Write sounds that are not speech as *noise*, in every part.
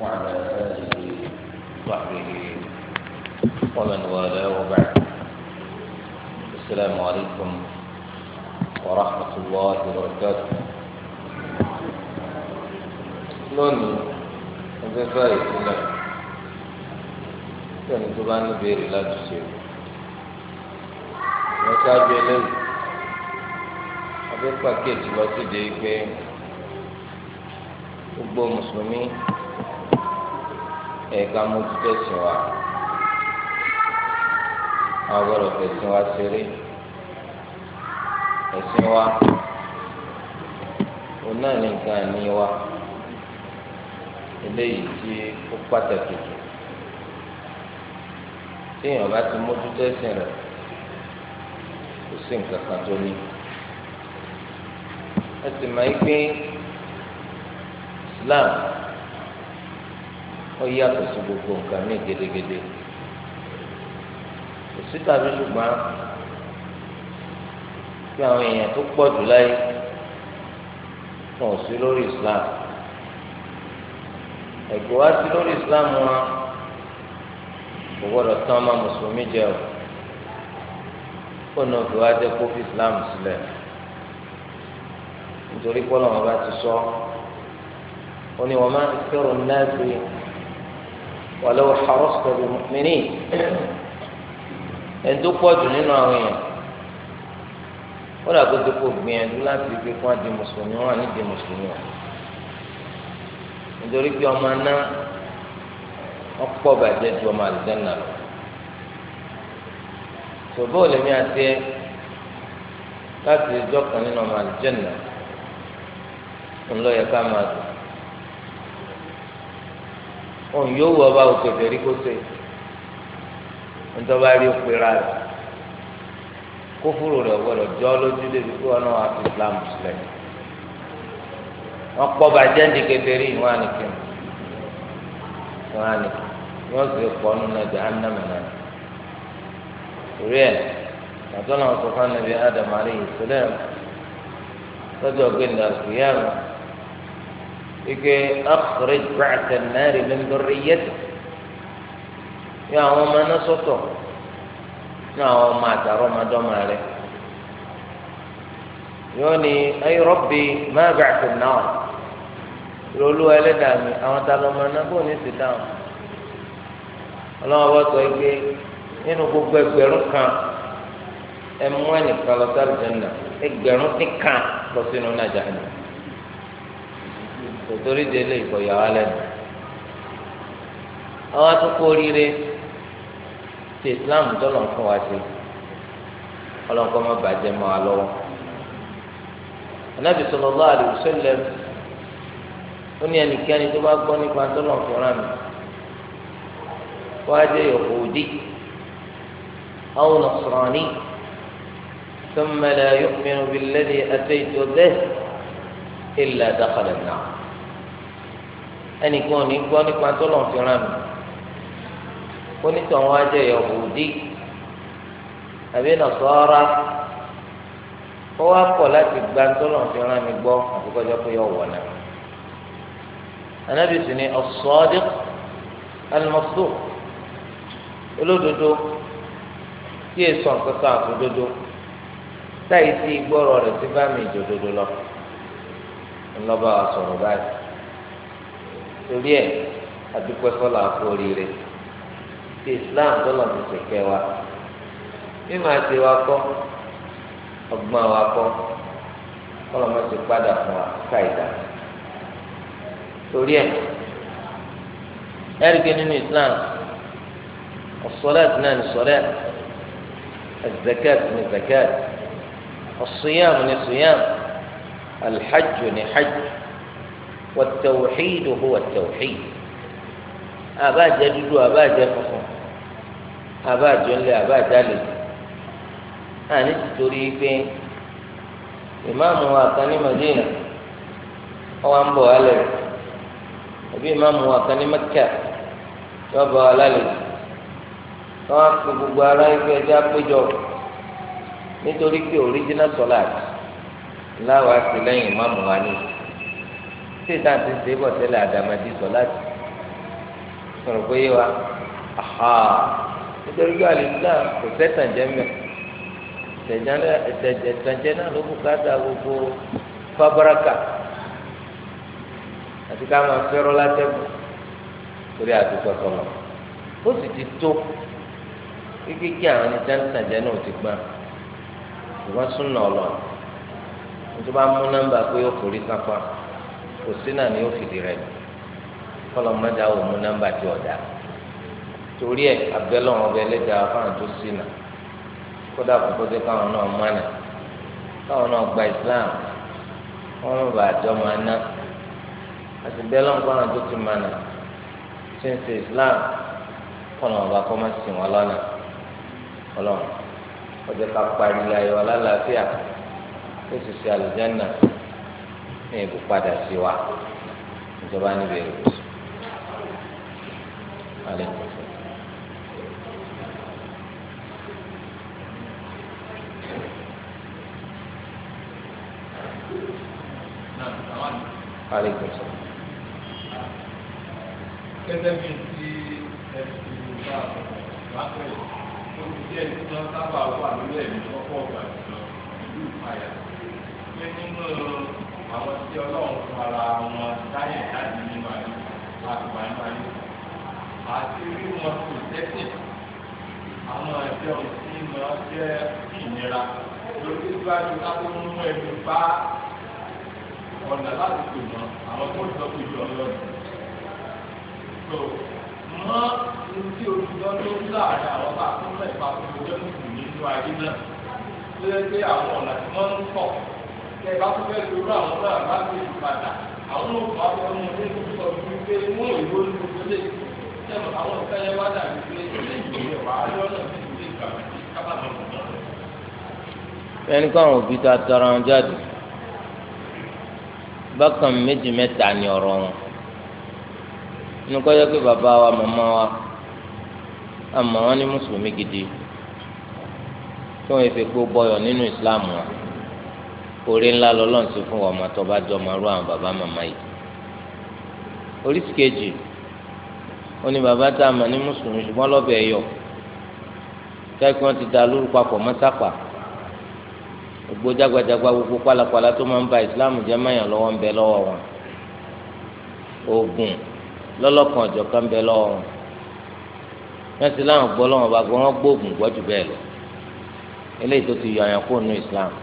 وعلى آله وصحبه ومن والاه وبعد السلام عليكم ورحمة الله وبركاته من الزفاية الله كان تبان بير لا تسير وشاب يلي أبي باكيت لو تجيبين gbogbo musulumi ẹ̀ka mójútó sìn wa àwọn gbọ́dọ̀ fẹ̀sìn wa ṣeré ẹ̀sìn wa òun náà ní nǹkan àní wa eléyìí tí ó pàtàkì jù téèyàn bá ti mójútó rẹ̀ kò sí nǹkan kan tó ní ẹ sì máa ń gbé Islam ó yàtọ̀ sí gbogbo nǹkan ní gédégédé kò sí tàbí ṣùgbọ́n kí àwọn èèyàn tó pọ̀ jù láyé wọn sí lórí Islam ẹ̀kọ́ wá sí lórí Islam wọn kò gbọ́dọ̀ tán ọmọ mùsùlùmí jẹ o kó nà wá jẹ kó fi Islam sílẹ̀ nítorí pé Ọlọ́run bá ti sọ ó ní wọn máa ń kẹrù náà sí wàlẹ́ wò xarọ́sọ̀ bí mọ̀mìnì ẹ̀dùn pọ̀jù nínú àwọn èèyàn wọ́n dàgbé tó kó gbìyànjú láti fi kó àdé mùsùlùmí wọn àní dé mùsùlùmí wọn nítorí pé ọmọ aná ọ̀pọ̀ bàjẹ́ ju ọmọ àlùjáná lọ tòbó lèmi àti ẹ láti ìjọ kan nínú ọmọ àlùjáná ńlọ yẹ ká máa dùn òun yóò wọ ọba òkè fẹrí kó ṣe ntọ́ba rí òpè rà rẹ̀ kófúrò rẹ̀ gbọ́dọ̀ jọ́ lójú débi kí wọn wà fi Islam sílẹ̀ wọn kpọ́ bàjẹ́ ndí kékeré yìí wọn ànìkè wọn ànìkè wọn sì kọ́ nínú ẹgbẹ́ anamọ̀nà rẹ̀ àtọ́nà ọ̀sọ̀fà nàbí Adam alayhi salam tọ́jú ọ̀gbìn dàgbìyàrá ike akhrij ba'tha an-nar min dhurriyyati yọ àwọn ọmọ náà sọ́tọ̀ ní àwọn ọmọ àtàrọ ọmọdọ́mọ rẹ yóò ní ay rabbi ma ba'tha an-nar lọ́lú ẹlẹ́dàá mi àwọn ta lọ́mọ náà bò ní sí dáhùn ọlọ́wọ́ bá sọ pé nínú gbogbo ẹgbẹ̀rún kan ẹ ẹnìkan lọ sí àlùjànnà ẹgbẹ̀rún kíkan lọ sínú náà jahannam tòtórí délé ìkọ̀yà wa lẹ́nu àwọn àtúkò oríire ti Islam tọ́lọ̀ fún wa ṣe ọlọ́nkọ́ má bàjẹ́ mọ́ wa lọ́wọ́ Ànábì sallallahu alaihi wasallam ó ní ẹnikẹ́ni tó bá gbọ́ nípa tọ́lọ̀ fúnra mi wọ́n á jẹ́ Yahudi aw Nasrani thumma la yu'minu billadhi ataytu bihi illa dakhala an-nar ẹnìkan ò ní gbọ́ nípa tó lọ́n fi ràn mí onítọ̀hún ajẹ́ Yahudi àbí Nasara ó wá pọ̀ láti gba tó lọ́n fi ràn mí gbọ́ àkókòjọ́ pé yọ wọ̀ náà anábìsì ni as-sadiq al-masduq olódodo tí èso nǹkankan àfòdodo táyì tí gbọ́rọ̀ rẹ̀ ti bá mi ìjòdodo lọ ńlọ́ba sọ̀rọ̀ báyìí torí ẹ̀ adúpẹ́ fọlá àforíire ti islam tọ́lọ̀ ti sèké wa mímọ àti wa kọ́ ọgbọ́n wa kọ́ kọ́lọ́ mọ́ ti padà fún wa káìdá torí ẹ̀ ẹ̀ríkẹ́ nínú islam as-salat náà ní salat az ní zakat as ní siyam al ní hajj. والتوحيد هو التوحيد أبا جدد أبا جفف أبا جل أبا جلد أنا تريد إمام واقني مدينة أو أنبو ألد أبي إمام واقني مكة يبو ألد wọ́n pe gbogbo ara ẹgbẹ́ ẹjọ́ àpéjọ nítorí pé original solat láwa sí lẹ́yìn ìmáàmù wa tí ìta ti ṣe bọ̀ tẹ́lẹ̀ àdàmàdì sọ láti sọ̀rọ̀ pé yé wa aha nítorí pé àlùfáà kò sẹ́tàn jẹ́ mẹ́ ìtẹ̀jẹ̀ náà ló kú káàtà gbogbo fábáraka àti ká máa fẹ́rọ́ látẹ́kù torí àdúgbò sọ̀rọ̀ ó sì ti tó kíkíkí àwọn ẹni tí wọ́n tàjẹ́ náà ti gbà ṣùgbọ́n súnà ọlọ́run nítorí bá mú nọ́mbà pé ó kò rí kò sí náà ni ó fìdí rẹ̀ kọlọ mọdà wò mú nọ́mbà tí ọdà torí ẹ abẹlẹ wọn bẹ lẹdà fáwọn tó sí nà kódà kókó tẹ káwọn náà gba Islam wọn mọ bàa jọ máa ná àti bẹlẹ wọn fáwọn tó ti mọnà tí ń ṣe Islam kọlọ wọn bá kọ́ máa sìn wọn lọ́nà kọlọ wọn ọjọ́ ká parí ní ìbò padà sí wa ìjọba níbi èrò tó alẹ́ kò fẹ́. aleykum salaam. gẹ́gẹ́ bí ti ẹ̀sìn ìgbà lápẹ̀ tó ti jẹ́ ìtura sábà wà lórí ẹ̀mí lọ́pọ̀ ọ̀gbà jùlọ ìlú ìpayà. pé nínú àwọn tí ọlọ́run fún ara wọn dáyẹ̀ jáde nínú ayé àgbà nínú ayé àti rí wọn kò tẹ́sìn àwọn ẹ̀jẹ̀ òsì máa jẹ́ ìnira lórí síwájú láti mú ẹni bá ọ̀nà láti pè mọ́ àwọn tó ń sọ pé ìjọ ọlọ́run tó mọ́ ojú olùdó ló ń láàrin àwọn bá tó ń lọ ìpapò ìjọ nínú ayé náà tó pé àwọn ọ̀nà tí wọ́n ń pọ̀ kẹ bá tó fẹ́ lórí àwọn náà bá tó yìí padà àwọn náà bá tó ọmọ ní kó sọ fún pé mú ìwé olùkọ́ lè ṣe mọ àwọn ọ̀fẹ́ yẹn wá dàbí pé ilé ìwé wà á lọ́nà bí ilé ìgbà kábà lọ mọ̀ náà. ẹnì ta tọrọ wọn jáde bákan méjì mẹ́ta ni ọ̀rọ̀ wọn inú kọ́ yẹ pé bàbá wa màmá wa àmọ́ wọn ní mùsùlùmí gidi tí wọ́n fi gbó bọyọ̀ nínú ìsìláàmù wa orí ńlá lọ́lọ́run ti fún ọmọ tó bá jọ ọmọ rú àwọn bàbá màmá yìí oríṣi kejì ó ní bàbá tá a mọ̀ ní mùsùlùmí ṣùgbọ́n lọ́bẹ̀ ẹ̀yọ̀ kẹ́kẹ́ wọn ti da lóru papọ̀ mọ́sápà gbogbo jágbajàgba gbogbo pálapàla tó máa ń ba ìsìláàmù jẹ́ mọ́yàn lọ́wọ́ ń bẹ lọ́wọ́ wọn oògùn lọ́lọ́kan ọ̀jọ̀kan ń bẹ lọ́wọ́ wọn wọ́n ti láwọn gbọ́ lọ́wọ́ bá gbọ́ wọ́n gbóògùn gbọ́ jù bẹ́ẹ̀ lọ eléyìí tó ti yọ àyànkó nù ìsìláàmù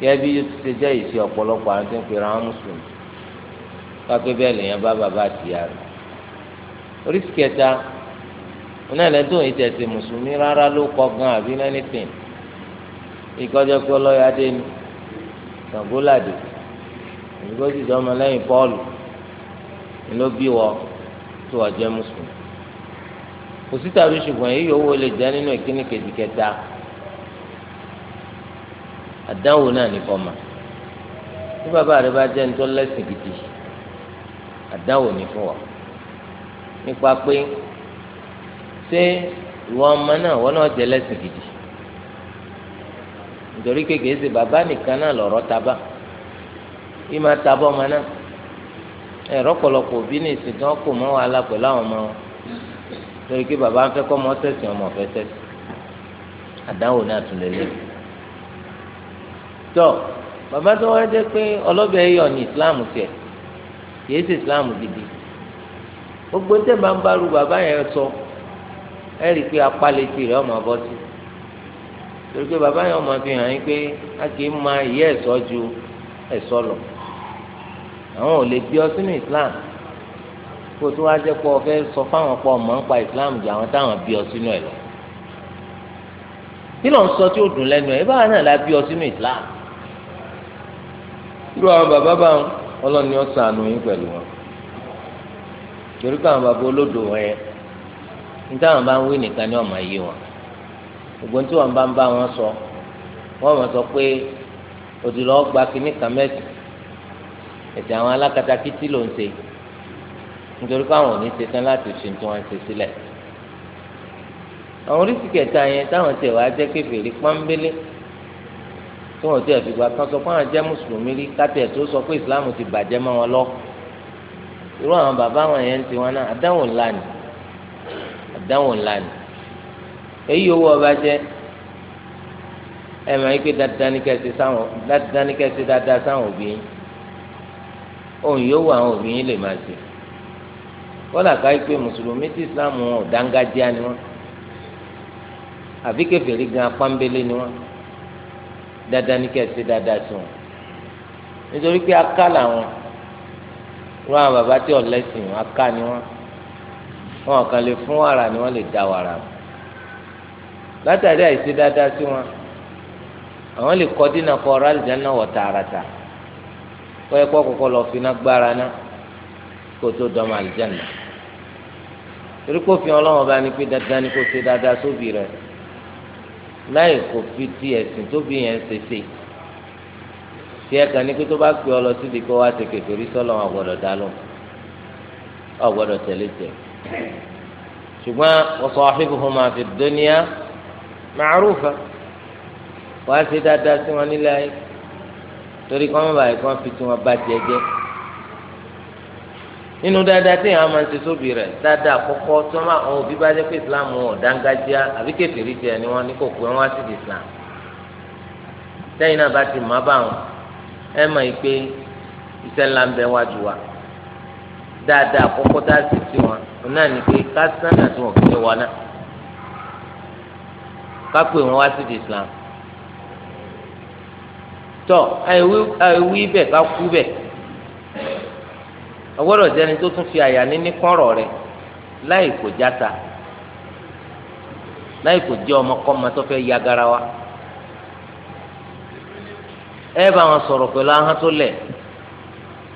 gẹ́bí yóò ti ṣe jẹ́ ìṣe ọ̀pọ̀lọpọ̀ àwọn tó ń pera wọn mùsùlùmí wákẹ́ bẹ́ẹ̀ lèèyàn bá bàbá àtìyá rẹ̀ oríṣi kẹta wọn náà lẹ́tọ́ yìí tẹ̀sí mùsùlùmí rárá ló kọ gan àbí anything ìkọjọ pé ọlọ́yà dé ni sàngólàdé ìgbó sì dọ́mọ lẹ́yìn pọ́ọ̀lù ló bí wọ tó ọjọ́ mùsùlùmí kò sí tàbí ṣùgbọ́n èyí yòówó lè jẹ́ nínú ìkíni kejì kẹta àdánwò náà ní fọmà tí bàbá rẹ bá jẹ́ nítorí lẹ́sìn gidi àdánwò ní fún wa nípa pé ṣé ìwọ ọmọ náà wọn náà jẹ́ lẹ́sìn gidi nítorí kékeré ṣe bàbá nìkan náà lọ̀rọ̀ taba yìí máa tabọ́ ọmọ náà ẹ̀rọ pọ̀lọpọ̀ òbí ní ìsìn tí kò mọ́ wàhálà pẹ̀lú àwọn ọmọ nítorí pé bàbá ń fẹ́ kọ́ ọmọ sẹ̀sìn ọmọ ọ̀fẹ́ sẹ̀sìn náà tún lè lẹ́yìn tọ́ bàbá tó wá jẹ́ pé ọlọ́bẹ̀ ẹ̀yọ̀ ní islam tiẹ̀ kìí ṣe islam gidi gbogbo tẹ́ bá ń bá ru bàbá yẹn sọ ẹ rí i pé apálẹ̀tì rẹ̀ ọmọ bọ́ sí torí pé bàbá yẹn ọmọ fi hàn yín pé a kì ma ìyẹ́ ẹ̀sọ́ ju ẹ̀sọ́ lọ àwọn ò lè gbé ọ sínú islam kó tó wá jẹ́ pé ọ fẹ́ sọ fáwọn pọ̀ mọ́ ń islam ju àwọn táwọn bí ọ sínú ẹ̀ lọ kí ló ń sọ tí ó dùn lẹ́nu ẹ̀ báwa náà la bí ọ sínú islam irú àwọn bàbá bá wọn ọlọ́ni wọn sànù yín pẹ̀lú wọn torí pé àwọn bàbá olódò wọn yẹn níta wọn bá ń wí nìkan ní ọmọ yìí wọn ògbón tí wọn bá ń bá wọn sọ wọn wọn sọ pé òdìlọ gba kínní kan mẹsì ẹsẹ àwọn alákatakítí ló ń ṣe nítorí pé àwọn ò ní ṣetán láti fi tí wọn ṣe sílẹ̀ àwọn oríṣi kẹta yẹn táwọn tẹ wàá jẹ kéfèèrè pọnbélé tí wọn ò tiẹ̀ fìgbà kan sọ fún àwọn jẹ́ mùsùlùmí rí kátẹ́ tó sọ pé ìsìláàmù ti bàjẹ́ mọ́ wọn lọ irú àwọn bàbá wọn yẹn ti wọn náà àdánwò ńlá ni àdánwò ńlá ni èyí owó ọba jẹ ẹ máa yí pé dáadáa ní kẹsì sáwọn dáadáa ní kẹsì dáadáa sáwọn òbí yín òun yóò wọ àwọn òbí yín lè máa ṣe kọ́lá ká yí pé mùsùlùmí tí ìsìláàmù wọn ò dáńgájíá ni wọn àbí kèfèrí gan apámbélé ni wọn dáadáa ní kẹsí dáadáa sí wọn nítorí pé aká làwọn wọn àwọn bàbá tí ọlẹsìn wọn aká ni wọn wọn kàn lè fún wàrà ni wọn lè da wàrà látàrí àìsí dáadáa sí wọn àwọn lè kọ dínà kọ ọ̀rọ̀ àlìjáná wọ tààràtà kọ ẹkọ kọ́kọ́ lọ fi iná ná kó tó dọmọ àlìjáná torí kófin Ọlọ́run bá ní pé dáadáa ni kó ṣe dáadáa sóbì rẹ̀ láì kò fi ti ẹ̀sìn tó bí yẹn ṣe ṣe tí ẹ kàn ní pé tó bá pè ọ lọ síbi kó wá ṣe kèfèrí sọlọ wọn gbọ́dọ̀ dá lọ ọ gbọ́dọ̀ tẹ̀lé tẹ ṣùgbọ́n ọsọ àfikún máa fi dóníyà màrúfà wàá ṣe dáadáa sí wọn nílẹ̀ ayé torí kọ́ mọ́ báyìí kọ́ fi bá tiẹ̀ jẹ́ nínú dáadáa tí èèyàn máa ń ṣe sóbì rẹ̀ dáadáa àkọ́kọ́ tí wọ́n máa àwọn òbí bá jẹ́ pé islam wọn ò dángájíá àbí kèfèrí jẹ ni wọ́n ní kò pé wọ́n wá sí di islam lẹ́yìn náà bá ti má bá wọn ẹ mọ̀ yìí pé iṣẹ́ ńlá ń bẹ wájú wa dáadáa àkọ́kọ́ tá a sì sí wọn òun náà ní pé ká sánà tí wọn fi wọn náà ká pè wọn wá sí di islam tọ́ àìwí bẹ̀ ká kú bẹ̀ ọgbọ́dọ̀ jẹ́ni tó tún fi àyà níní kọ́rọ̀ rẹ̀ láì kò játa láì kò jẹ́ ọmọkọ́mọ tó fẹ́ ya garawa ẹ bá wọn sọ̀rọ̀ pẹ̀lú ahọ́n tó lẹ̀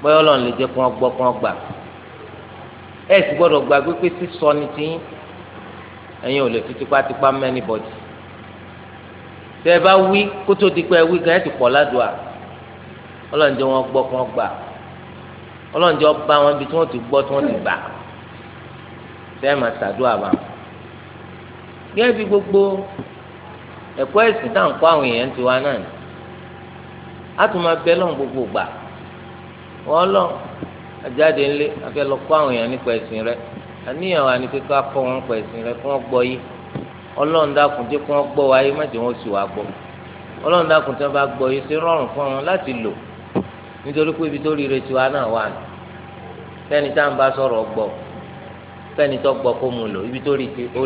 pé ọlọ́run lè jẹ́ kó wọn gbọ́ kó wọn gbà ẹ sì gbọ́dọ̀ gba pípé sísọ ni tiyín ẹ̀yin ò lè fi tipátipá mẹ́ni bọ̀dì tẹ́ ẹ bá wí kó tó wí gan ẹ ti pọ̀ ládùá ọlọ́run jẹ́ wọn gbọ́ kó wọn gbà ọlọ́run jọ bá wọn bí tí wọ́n ti gbọ́ tí wọ́n ti gbà bẹ́ẹ̀ máa ṣàdúrà bá wọn. gẹ́gẹ́ bí gbogbo ẹ̀kọ́ ẹ̀sìn tá à ń kọ́ àwọn èèyàn tiwa náà ni a tún máa bẹ lọ́n gbogbo gbà wọ́n lọ ajáde ńlé afẹ́ lọ kọ́ àwọn èèyàn nípa ẹ̀sìn rẹ àníyàn wa ni pé ká kọ́ wọn nípa ẹ̀sìn rẹ kí wọ́n gbọ́ yìí ọlọ́run dákun jẹ́ kí wọ́n gbọ́ wáyé má jẹ́ wọ́n sì wá gbọ́ ọlọ́run dákun tí wọ́n bá gbọ́ yìí ṣe rọrùn fún wọn láti lò nítorí pé ibi tó rí retí wa náà wà ní fẹ́ni tá à ń bá sọ̀rọ̀ gbọ́ fẹ́ni tó gbọ́ kó mu lò ibi tó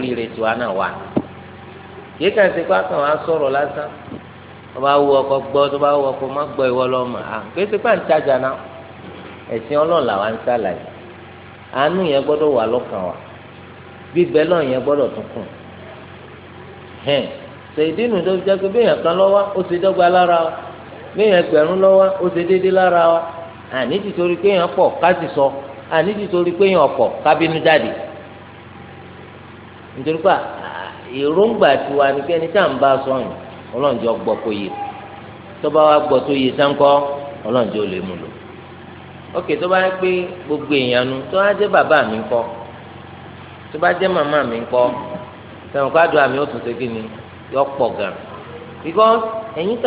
rí retí wa náà wà ní. yìí kàn sí pé àkàn wa sọ̀rọ̀ lásán tó bá wù ọkọ gbọ́ tó bá wù ọkọ má gbọ́ ìwọ lọ́mọ à kìí ṣe pé à ń tajà náà ẹ̀sìn ọlọ́run làwa ń sàlàyé àánú yẹn gbọ́dọ̀ wà lọ́kàn wa bíbẹ́ lọ́run yẹn gbọ́dọ̀ tún kùn ṣèdínú tó fi pé bí èèyàn kan lọ́wọ́ ó ti dọ́gba lára o. léèyàn ẹgbẹ̀rún lọ́wọ́ ó ṣe déédéé lára wa àní ti pé yàn pọ̀ ká sì sọ àní ti pé yàn pọ̀ ká bínú jáde nítorí pé èròǹgbà tiwa ni kẹ́ni tá à ń bá a sọ̀yìn ọlọ́njọ́ gbọ́ kó tọ́ba wa gbọ́ tó tọ́ba pé gbogbo èèyàn nu tó bá jẹ́ mi tó bá jẹ́ mi tẹ̀wọ̀n kó àdúrà mi ó yọ pọ̀ gan because ẹ̀yin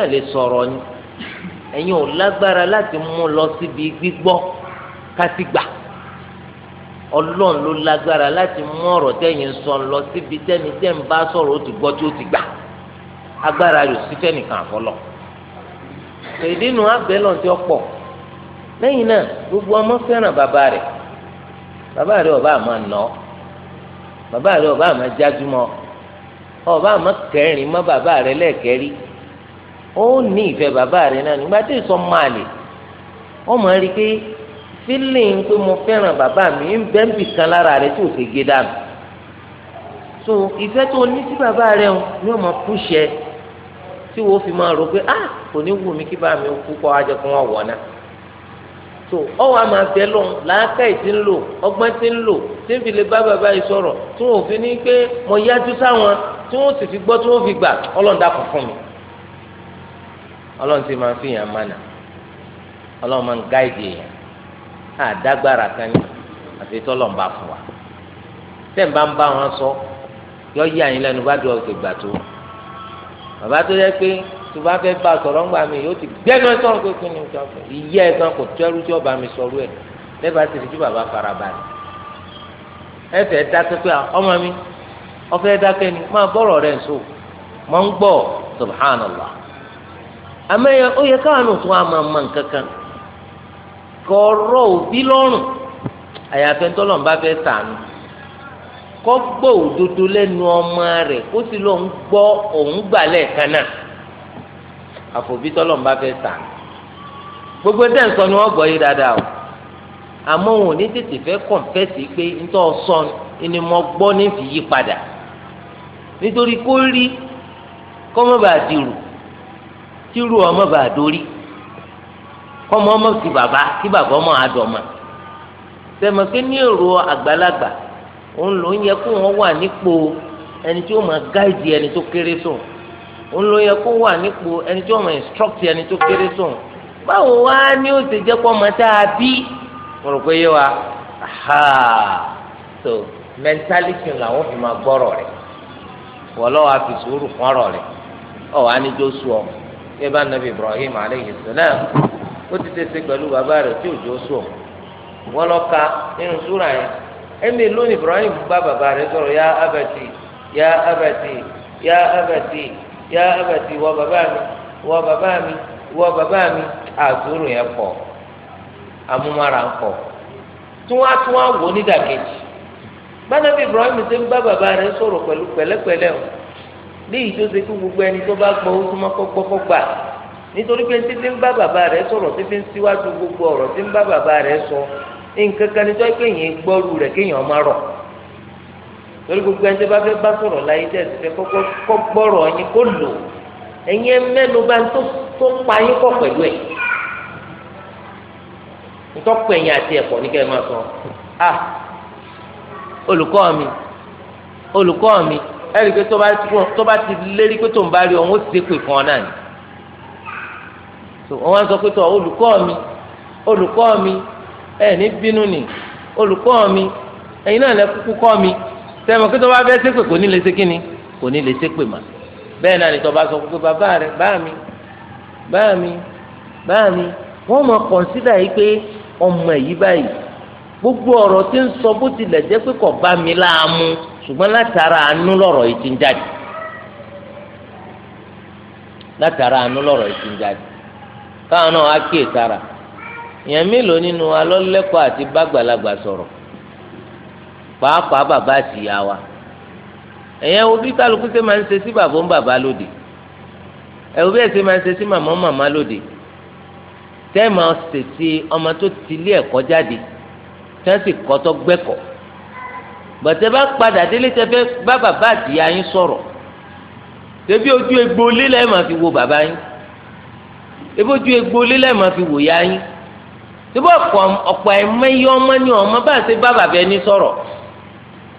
ẹ̀yin ò lágbára láti mú lọ síbi gbígbọ́ kásìgbà ọlọ́run ló lágbára láti mú ọ̀rọ̀ tẹ̀yin sọ lọ síbi tẹ́ni tẹ́ bá sọ̀rọ̀ ó ti gbọ́ tí ó ti gbà agbára rẹ̀ sí fẹ́nìkan àfọlọ́ ìdínú abẹ́lọ̀ lẹ́yìn náà gbogbo ọmọ fẹ́ràn bàbá rẹ̀ bàbá rẹ̀ ọba àmọ́ bàbá rẹ̀ ọba àmọ́ jájúmọ́ ọba àmọ́ kẹrin mọ́ bàbá rẹ̀ lẹ́ẹ̀kẹ́rí ó ní ìfẹ́ bàbá rẹ̀ náà nígbà tí ìsọ máa lè wọ́n máa rí i pé fílìn pé mo fẹ́ràn bàbá mi ń bẹ́ńbì kan lára rẹ̀ tí ò fi gé dànù so ìfẹ́ tó ní sí bàbá rẹ̀ ni wọ́n máa kú ṣẹ tí wọ́n fi máa rò pé ah kò ní wù mí kí bá mi kú kọ́ ajọ kí wọ́n wọ̀ náà so ọwọ́ àmà bẹ́ lọ làákà ìtí ń lò ọgbọ́n ti ń lò tí ń fi lè bá bàbá yìí sọ̀rọ̀ tí wọ́n fi ní pé mo yájú sáwọn tí wọ́n sì fi gbọ́ tí wọ́n fi gbà ọlọ́ọ̀dà kún mi ọlọ́run sì máa ń fi yàn mánà ọlọ́run máa ń gáìdì èèyàn àdágbára kan ní àfi tọ́lọ̀ ń bá fún wa tẹ́ǹ bá ń bá wọn sọ yọ yí àyín lẹ́nu bá dùn ọ̀sẹ̀ gbà tó bàbá tó yẹ pé tó bá fẹ́ bá sọ̀rọ̀ ńgbà mi yóò ti gbẹ́nu ẹ̀ sọ̀rọ̀ pé kí ni ìjọ fẹ́ ìyá ẹ̀ kan kò tẹ́rù tí ọba mi sọ̀rọ̀ ẹ̀ lẹ́bàá ti fi tí bàbá fara balẹ̀ ẹ dákẹ́ pé ọmọ mi ọ dákẹ́ ni máa bọ̀rọ̀ rẹ̀ ń sọ mọ́ ń gbọ́ subhanallah àmẹ́yẹ ó yẹ káwọn tó wà máa ma nǹkan kan kọ̀ọ̀rọ̀ òbí lọ́rùn àyàfẹ́ tọ́lọ̀ bá fẹ́ sànù kọ́ gbọ́ òdodo lẹ́nu ọmọ rẹ̀ kó sì ń gbọ́ òun gbà lẹ́ẹ̀kan náà àfòbí o àmọ́ òun ò ní tètè fẹ́ kọ̀ǹfẹ́sì pé sọ ni mo yí padà nítorí kó rí kọ́mọ́bà dìrù tí irú ọmọ bá dórí kọ́mọ ọmọ sí bàbá kí bàbá ọmọ àdọ̀mà sẹ́mi pé ní èrò àgbàlagbà òun ló ń yẹ kó wọ́n wà nípò ẹni tí ó máa gáìdì ẹni tó kéré sùn òun ló yẹ kó wà nípò ẹni tí ó máa instruct ẹni tó kéré sùn báwo wá ní ó ti jẹ́ kó ọmọ tá a bí mo rò pé yé wa ha so mentality làwọn fi máa gbọ́rọ̀ rẹ̀ wọ́n lọ́wọ́ àfi sùúrù fọ́rọ̀ rẹ̀ ọ̀ wá ní jó sú ọmọ. kí bá nàbí ibrahim aleyhi salam ó ti tẹsẹ pẹ̀lú bàbá rẹ̀ tí òjò sùn wọn lọ ka nínú súra yẹn ẹmí lónìí ibrahim bá bàbá rẹ̀ sọ̀rọ̀ ya abati ya abati ya abati ya abati wọ bàbá mi wọ bàbá mi wọ bàbá mi yẹn amúmára ń bá ibrahim ń bá léyìí tó ṣe kó gbogbo ẹni tó bá gbọ́ ó súnmọ́ kó gbọ́ kó gbà nítorí pé títí ń bá bàbá rẹ̀ sọ̀rọ̀ títí ń síwájú gbogbo ọ̀rọ̀ tí ń bá bàbá rẹ̀ sọ nǹkan kan ní tó pé yẹn gbọ́rù rẹ̀ kéèyàn má rọ̀ torí gbogbo ẹni tó bá fẹ́ bá sọ̀rọ̀ láyé tẹ̀sí fẹ́ kọ́kọ́ gbọ́rọ̀ yín kó lò ẹ̀yin ẹ mẹ́nu bá tó pa yín pọ̀ pẹ̀lú ẹ̀ ntọ́pọ̀ àti ẹ̀kọ́ ní kẹ́ máa sọ ah olùkọ́ mi olùkọ́ mi ẹ̀rí pé tó bá ti lérí pé tó ń bá rí ọ̀hún ó ti pè fún ọ náà ni so wọ́n sọ pé tó olùkọ́ mi olùkọ́ mi ẹ̀ ní bínú ni olùkọ́ mi ẹ̀yin náà lẹ kúkú kọ́ mi sẹ́wọ̀n pé tó bá fẹ́ ṣépè kò ní lè ṣe kí ni kò ní lè ṣépè mà bẹ́ẹ̀ náà ni tó bá sọ pé bàbá rẹ bá mi bá mi bá mi wọ́n mọ̀ kọ̀ǹsídà yìí pé ọmọ yìí báyìí gbogbo ọ̀rọ̀ tí ń sọ bó tilẹ̀ jẹ́ pé kò bá mi láàmú ṣùgbọ́n látara àánú lọ̀rọ̀ yìí ti ń jáde látara àánú lọ̀rọ̀ yìí ti ń jáde káwọn náà wá kíyè sára èèyàn mélòó nínú alọ́lẹ́kọ̀ọ́ àti bàgbàlagbà sọ̀rọ̀ pàápàá bàbá àti ìyá wa èèyàn wo bí kálukú ṣe máa ń ṣe sí bàbá ń bàbá lóde ẹ bí ẹ ṣe máa ń ṣe sí màmá ń màmá lóde tẹ́ máa ṣèṣe ọmọ tó ti ilé ẹ̀kọ́ jáde tẹ́ sì kọ́ tó gbẹ́kọ̀ọ́ bàtẹ́ bá padà délé tẹ́ fẹ́ bá bàbá àtìyá yín sọ̀rọ̀ tẹ́bí ojú egbò lílẹ̀ máa fi wo bàbá yín tẹ́bí ojú egbò lílẹ̀ máa fi wò yá yín tẹ́bí ọ̀pọ̀ ọ̀pọ̀ ẹ̀mẹ́yẹ ọmọ ni ọmọ bá ṣe bá bàbá ẹni sọ̀rọ̀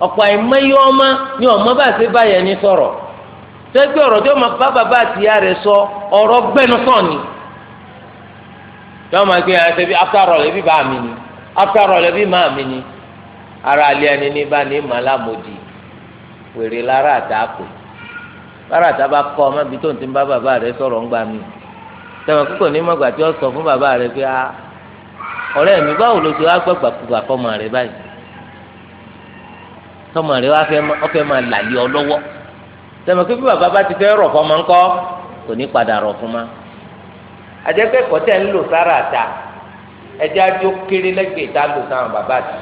ọ̀pọ̀ ẹ̀mẹ́yẹ ọmọ ni ọmọ bá ṣe bá yẹn ni sọ̀rọ̀ tẹ́gbẹ́ ọ̀rọ̀ tí ó máa bá bàbá àtìyá rẹ̀ sọ ọ̀rọ̀ gbẹnusọ̀ ni tí wọ́n máa gbé yàrá tẹ́bí after all ẹbí bá mi ni after all ẹbí má mi ni ara alẹ́ ẹni ní bá ní màlá mòdì wèrè lára àtà lára àtà bá kọ́ ọmọ ibi tó ń ti bá bàbá rẹ sọ̀rọ̀ mí tẹ̀wọ̀n ní mọ̀gbà tí fún bàbá rẹ pé ọ̀rẹ́ mi báwo ló ti wá gbàgbà kúgbà fọmọ rẹ báyìí tọmọ rẹ wá fẹ́ máa làlẹ́ ọ lọ́wọ́ tẹ̀wọ̀n bàbá bá ti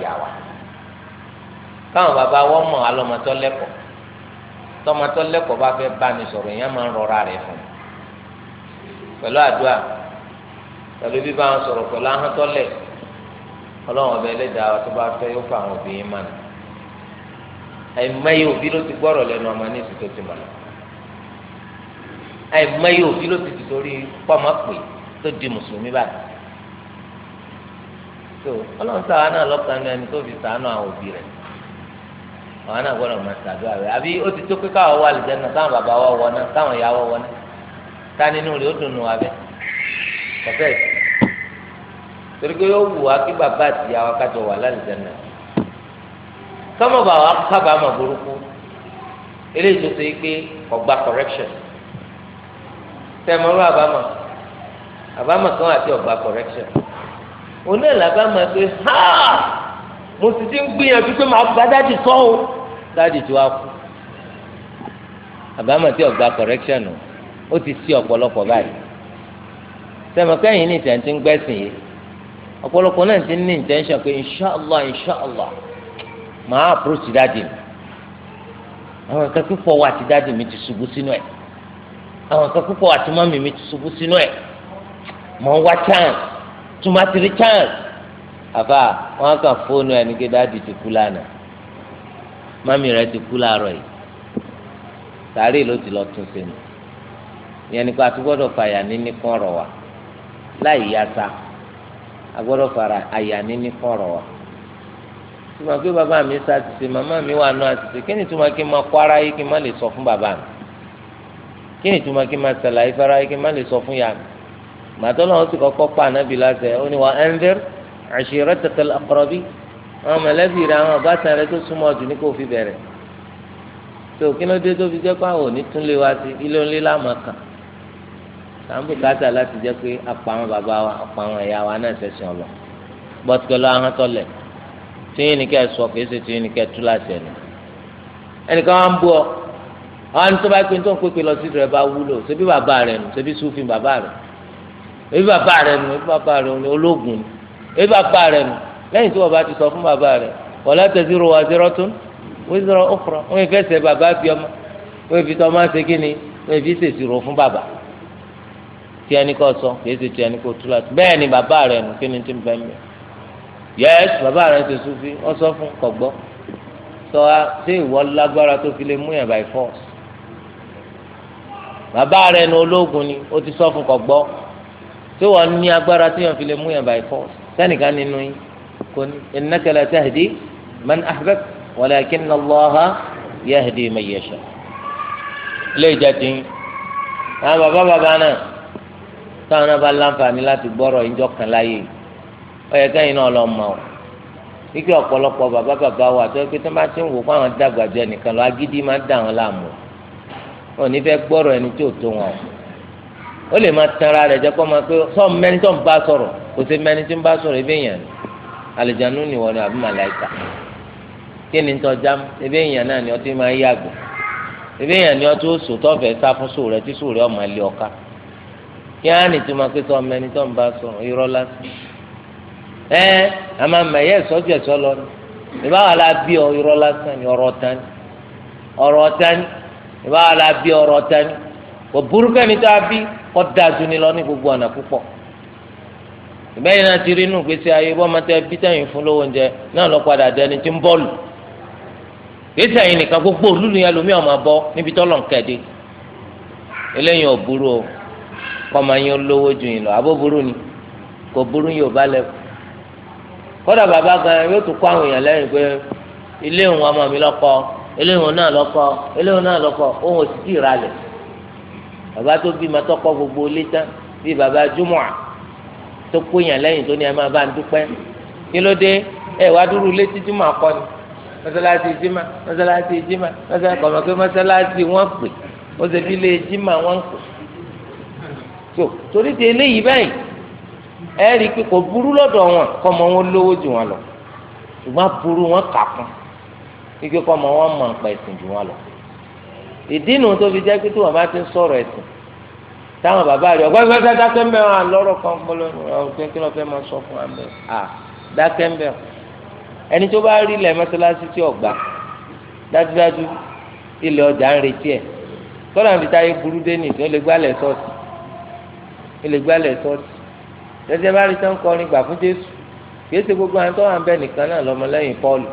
fẹ́ káwọn bàbá wọn mọ̀ alọ́mọtọ́ lẹ́kọ̀ọ́ tọ́mọtọ́ lẹ́kọ̀ọ́ bá fẹ́ bá ní sọ̀rọ̀ èèyàn máa ń rọra rẹ̀ fún un pẹ̀lú àdúrà pẹ̀lú bíbá wọn sọ̀rọ̀ pẹ̀lú ahọ́ntọ́lẹ̀ ọlọ́run ọbẹ̀ ẹlẹ́dàá wa tó bá fẹ́ yóò fà àwọn obìnrin mọ́ni àìmọye òbí ló ti gbọ́rọ̀ lẹ́nu ọmọ ní ìsìtò ti mọ̀nà àìmọye òbí ló ti ti torí pọ́mọ́ pè tó di mùsùlùmí báyìí tó ọlọ́run ṣàánú àlọ́kan ní ẹni tó fi ṣàánú àwọn òbí rẹ̀ àwọn náà gbọ́dọ̀ máa ṣàdúrà rẹ̀ àbí ó ti tó pé káwọn wà lùjẹ́ náà káwọn bàbá wa wọ̀ náà káwọn ìyá wa wọ̀ náà ta nínú rẹ̀ ó dùnú wa bẹ́ẹ̀ kọ̀fẹ́ torí pé ó wù wá kí bàbá àti ìyá wa kájọ wà lálùjẹ́ náà kọ́mọ̀ bà wá kábàámọ̀ burúkú eléyìí tó ṣe pé ọgbà correction tẹ̀mọ́rú àbámọ̀ àbámọ̀ kan àti ọgbà correction onílẹ̀ àbámọ̀ pé ha mo ti ti ń gbìyànjú pé màá bá dájú sọ́ọ́ dáàdì tí wàá kú àbámọ̀ ọ̀gbà correction o ó ti sí ọ̀pọ̀lọpọ̀ báyìí sẹ̀mọ̀kẹ́yìn ní ìtẹ̀ǹtì ń gbẹ́sìn yìí ọ̀pọ̀lọpọ̀ náà ti ní intention pé inshallah inshallah màá approach dáàdì mi àwọn na púpọ̀ wà dáàdì mi ti ṣubú sínú ẹ̀ àwọn kan púpọ̀ wà tí mọ́mì mi ti ṣubú sínú ẹ̀ mọ̀ wá chance tó chance àbá wọn kàn fóònù dáàdì ti kú lánàá mami rẹ ti kú láàárọ̀ yìí sàárè ló ti lọ tún sẹnu ìyẹn nípa àti gbọ́dọ̀ fa àyà níní kún ọ̀rọ̀ wa láì yasa a gbọ́dọ̀ fa àyà níní kún ọ̀rọ̀ wa tuma pé bàbá mi sá ti ṣe màmá mi wà nù àtìsí kí ni tuma kí n máa kó ara yìí kí n má lè sọ fún bàbá mi kí ni tuma kí n máa sàlàyé fara yìí kí n má lè sọ fún yà mi màtọ́ náà ó sì kọ́kọ́ pa ànábì láti ẹ̀ ó ní wa anzir ashiratakal aqrabi àwọn mọ̀lẹ́bí rẹ àwọn ọ̀bátan rẹ tó súnmọ́ ọdún ní kò fi bẹ̀rẹ̀ tó kí ló dé tó fi jẹ́ pé àwọn òní tún lé wa sí ilé ńlé láàmú kan à ń bùkátà láti jẹ́ pé apá àwọn bàbá wa apá àwọn ẹ̀yà wa náà ṣẹ̀ṣẹ̀ ọ̀lọ́ bọ́tùkẹ́lọ́ ahọ́n tọ́lẹ̀ tí yín ni kẹ́ ẹ sọ kì ṣe tí yín kẹ́ ẹ tú láti ẹ̀ nù ẹnìkan wá ń bú ọ àwọn tó bá pé tó ń pépè lọ sí rẹ bá wúlò ṣebí bàbá rẹ nù ṣebí sùfin bàbá rẹ ṣebí bàbá rẹ nù ṣebí bàbá rẹ nù ológun nù ṣebí bàbá rẹ nù lẹ́yìn tí wọ́n bá ti sọ fún bàbá rẹ̀ wọ́n láti ṣe ro wàzírọ́ tún wíṣọ́ ọ̀fọ̀rọ̀ wọ́n fi ẹsẹ̀ bàbá bí ọmọ wọ́n fi tọ́ máa ṣe kí ni wọ́n fi ṣèṣì ro fún bàbá tí ẹni kọ́ sọ kì í ṣe tí ẹni kò tú láti bẹ́ẹ̀ ni bàbá rẹ̀ nù kí ni tí ń bẹ́ mi yẹ́s bàbá rẹ̀ ṣe sufi wọ́n sọ fún kọ̀gbọ́ sọ wa ṣé ìwọ lágbára tó fi lè mú yẹn by force bàbá rẹ̀ nù ológun ni ó ti sọ fún kọ̀gbọ́ ṣé wọ́n ní agbára tó yẹn fi lè mú yẹn by force sẹ́nìkan nínú yín كن إنك لا تهدي من أحببت ولكن الله يهدي من يشاء ليه جاتين àwọn bàbá bàbá náà táwọn náà bá láǹfààní láti gbọ́rọ̀ ìjọ kan láàyè ó yẹ kẹ́yìn náà lọ mọ̀ ọ́ ike ọ̀pọ̀lọpọ̀ bàbá bàbá wa tó pé tó bá ti ń wò fáwọn dàgbà jẹ nìkan lọ agídí máa ń dà wọn láàmú ò ní fẹ́ gbọ́rọ̀ ẹni tí ò tó wọn ó lè máa tanra rẹ̀ jẹ́ kó máa pé sọ́ọ̀ mẹ́ni tó ń bá sọ̀rọ̀ kò sí mẹ́ni tí ń bá sọ̀rọ̀ ebí èèyàn ni alìjánu ni wọ́n ní àbí màláìka kí ni tọ́ jam ebi èèyàn náà ni ọtí máa yàgò ebi èèyàn ni ọtí ó sòtọ́ fẹ́ sá fún sùúrù rẹ tí sùúrù rẹ ọmọ ilé ọ̀ka kí á nì tó máa pé sọ mẹni tó ń bá sọ irọ́ lásán ẹ a máa mẹ ẹyẹ sọ́jú lọ ni ìbá wà lá bí ọ irọ́ lásán ni ọ̀rọ̀ tán ọ̀rọ̀ tán ìbá wà lá bí ọ̀rọ̀ tán kò burúkẹ́ni tó a bí kọ́ dáa ju lọ ní gbogbo ọ̀nà púpọ̀ ìbẹ́yìn náà ti rí inú gbèsè ayé bọ́ máa tẹ bí sẹ́yìn fún lówó oúnjẹ náà lọ padà dẹni tí ń bọ́ọ̀lù gbèsè ayé nìkan gbogbo olúlu yẹn lómi ọmọ bọ́ níbi tọ́lọ̀ nkẹ́dé eléyìí ò burú o kọ́mọ yín ju yín lọ abó burú ni kò burú yóò bá bàbá gan yóò tún àwọn èèyàn lẹ́yìn pé ilé òun ọmọ mi lọ́kọ́ ilé òun náà lọ́kọ́ ilé òun náà lọ́kọ́ òun ò sì tì tó kó yàn lẹ́yìn tó ní ẹ máa bá ń dúpẹ́ kí ló dé ẹ wá dúró létí tí mà kọ́ ni mọ́sálásí jimá mọ́sálásí jimá mọ́sálásí kọ̀mọ́ pé mọ́sálásí wọ́n pè ó ṣe fi lé jimá wọ́n pè tó torí ti eléyìí báyìí ẹ rí i pé kò burú lọ́dọ̀ wọn kọ́mọ wọn lówó jù wọn lọ ṣùgbọ́n burú wọn kà kún ike kọ́mọ wọn mọ̀ nípa ẹ̀sìn jù wọn lọ ìdí nu tó fi jẹ́ pé tí wọ́n bá ti ń sọ̀rọ̀ ẹ̀sìn táwọn bàbá rẹ ọgbọ́n ìgbà dákẹ́ ń bẹ̀ wọn àlọ́rọ̀ kan pọ́lọ́ ọ̀gbìn kí ló fẹ́ máa sọ fún amẹ́ à dákẹ́ ń bẹ̀ ẹni tó bá rí ilẹ̀ mọ́sálásí tí ọ̀gbà dájúdájú ilẹ̀ ọjà ń retí ẹ̀ tọ́lá ń fi táyé burú dé nìyí ó lè gbálẹ̀ sọ́ọ̀tì ó lè gbálẹ̀ sọ́ọ̀tì tẹ́tẹ́ bá rí sọ́ńkọ́ ní gbà fún Jésù kìí ṣe gbogbo àwọn tó wà ń bẹ nìkan náà lọ́mọlẹ́yìn Pọ́ọ̀lù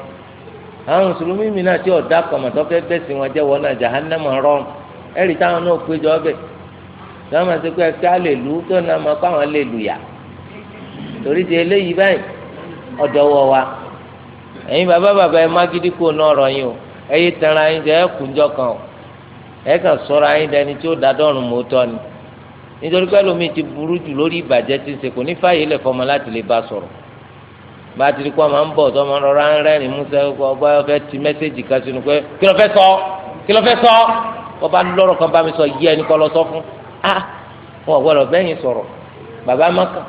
àwọn mùsùlùmí mi náà tí ọ̀dà kọ̀mọ̀tọ́ fẹ́ bẹ̀sìn wọn jẹ́wọ́ náà jahannama rọrùn ẹ̀rí táwọn náà péjọ ọbẹ̀ yọọ máa ṣe pé ẹkẹ á lè lu tó náà máa kó àwọn lè lu yà torí di eléyìí báyìí ọ̀dọ̀ wọ wa ẹ̀yin bàbá bàbá ẹ má gidi kó náà rọ yín o ẹ yé tẹnra yín jẹ ẹ kan o ẹ kàn sọra yín dẹni tí ó da dọ́rùn mọ́ tọ́ ni nítorí pé lómi ti burú jù lórí ìbàjẹ́ ti ń ṣe kò ní fààyè lẹ̀ fọmọ láti lè bá sọ̀rọ̀ bá a ti di kó ọmọ ń bọ̀ tó ọmọ rọra ń rẹ́rìn músẹ́ ọgbà ọfẹ́ ti mẹ́sẹ̀gì kan sínú pé kí ló fẹ́ sọ kí ló fẹ́ sọ ọba lọ́rọ̀ kan bá mi sọ yí ẹni kọ́ lọ sọ fún a ah, wọn gbọ́dọ̀ bẹyìn sọrọ. bàbá maka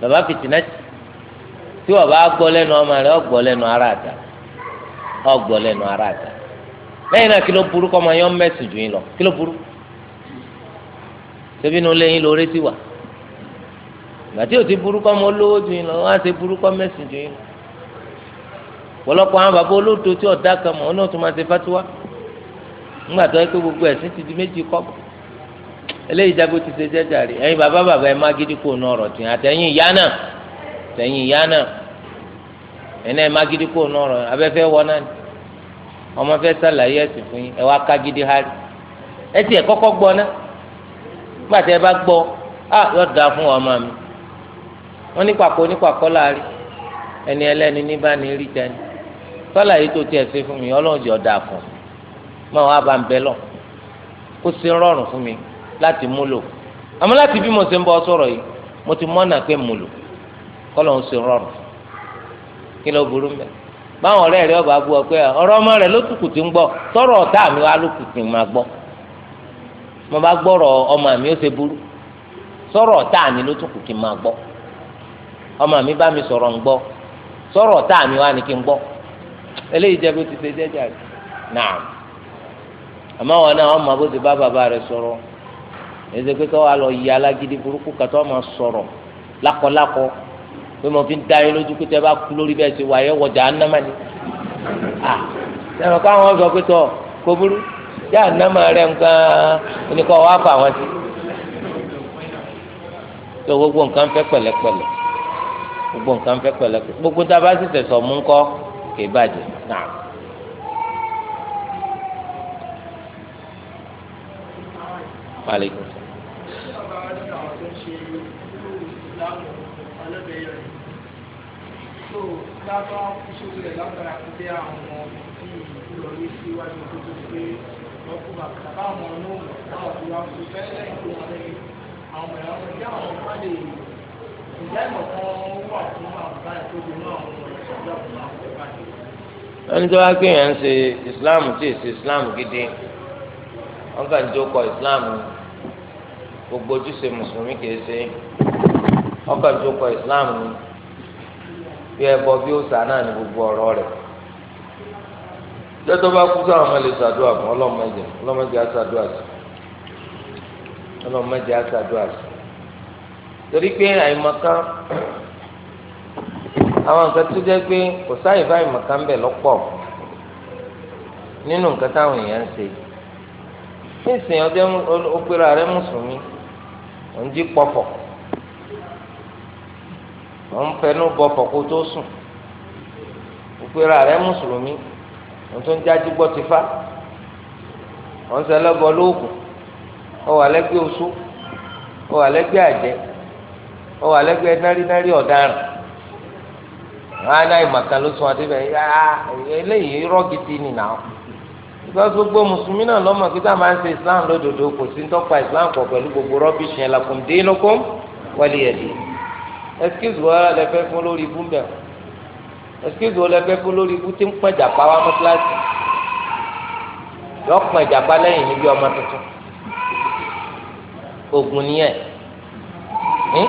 bàbá fìtínẹtì tí wọn bá gbọ́ lẹ́nu ọmọ rẹ ọgbọ lẹ́nu ara àtà ọgbọ lẹ́nu ara àtà lẹ́yìn náà kí ló burú kọmọ yọ mẹsì jù yín lọ kí ló burú nu lórí ti wà gbàtí ti burú olówó lọ wọn burú kọ jù lọ àwọn bàbá tí ọdá ọ náà tún máa ṣe fatiwa ńgbà tó yẹ gbogbo ti di méjì eléyìí jágbó ti ṣe jẹ́jà rè ẹ̀yin bàbá bàbá ẹ̀ má gidi kó nu ọ̀rọ̀ tìyàn àtẹ̀yìn ìyá náà tẹ̀yìn ìyá náà ẹ̀nà má gidi kó nu ọ̀rọ̀ abẹ́fẹ́ náà gidi hárì ẹ tiẹ̀ kọ́kọ́ gbọ́ ná ẹ bá yọ da fún ọmọ mi wọn ní pàkó ní pàkó láàrin ẹni ẹlẹ́ni ní bá ní rí sàlàyé tó fún mi ọlọ́run da fún mi láti múlò àmọ́ láti bí mo ṣe ń bọ́ sọ̀rọ̀ yìí mo ti mọ́nà pé múlò kọ́lọ̀ ń ṣe rọrùn kí ló burú mẹ́ báwọn rẹ ọba bu ọ pé ọmọ rẹ ló tùkù ń gbọ́ tọrọ ọ̀tá mi wá ló kù ń máa mo bá gbọ́rọ̀ ọmọ mi ó ṣe burú sọ̀rọ̀ ọ̀tá mi ló n máa gbọ ọmọ mi bá mi sọ̀rọ̀ ń ẹsẹ pé káwa lọ yí alágídí burúkú kàtó ọmọ sọ̀rọ̀ lákọlákọ pé mo fi ń da yín lójú pé tẹ bá kú lórí bẹ́ẹ̀ ṣe wà yẹ wọjà ánámà ni à sẹmọ káwọn sọ pé tọ kò burú yá ánámà rẹ nǹkan oníkọ wàá fà wọn sí tó gbogbo nǹkan fẹ́ pẹ̀lẹ́pẹ̀lẹ́ gbogbo nǹkan fẹ́ pẹ̀lẹ́pẹ̀lẹ́ gbogbo tá a bá sì tẹsọ mú ńkọ kì í bàjẹ́ náà. Alaikum. so dábọ́ kú sókè rẹ̀ lágbára kó bí àwọn tí ìlọrí síwájú tó tó pé lọ́kùn bàbá àwọn olóhùn àwọn òbí wa fi fẹ́ lẹ́yìn tó wọn lẹ́yìn àwọn ẹ̀rọ wọn kí àwọn ọmọ lè ìjà ìmọ̀ wà fún àwọn báyìí tó bí náà wọn fún àwọn ọmọ báyìí. ẹni tó wá yẹn ń ṣe Islam tí ì ṣe Islam gidi wọn kàn jókòó Islam gbogbo ojúṣe mùsùlùmí kìí ṣe wọn kàn jókòó Islam bí ẹbọ bí ó sà náà ní gbogbo ọ̀rọ̀ rẹ̀ lọ́tọ́ bá kú sáwọn ọmọ lè ṣàdúrà fún ọlọ́mọdé ọlọ́mọdé á sí ọlọ́mọdé á sí torí pé àìmọ̀kan àwọn nǹkan tó pé kò bá nínú nǹkan táwọn èèyàn ń wọn ń fẹnu bọ fọkó tó sùn òpèrà rẹ mùsùlùmí wọn tó ń jájú gbọ́ ti fa wọn sẹ lọgọ lóògùn wọn wà oṣù wọn wà lẹ́gbẹ̀ àjẹ́ wọn wà nárínárí ọ̀daràn wọn á náà ló sún islam lódodo kò sí ń islam pẹ̀lú gbogbo rọ́bìṣì ẹsikíìsì wo lẹ fẹ́ fún lórí ibú mbẹ ẹsikíìsì wo lẹ fẹ́ fún lórí ibú tí ń pọn ìjàpá wa mú kíláàsì yọ pọn ìjàpá lẹ́yìn níbi ọmọ tuntun ogun nìyẹn hm? ní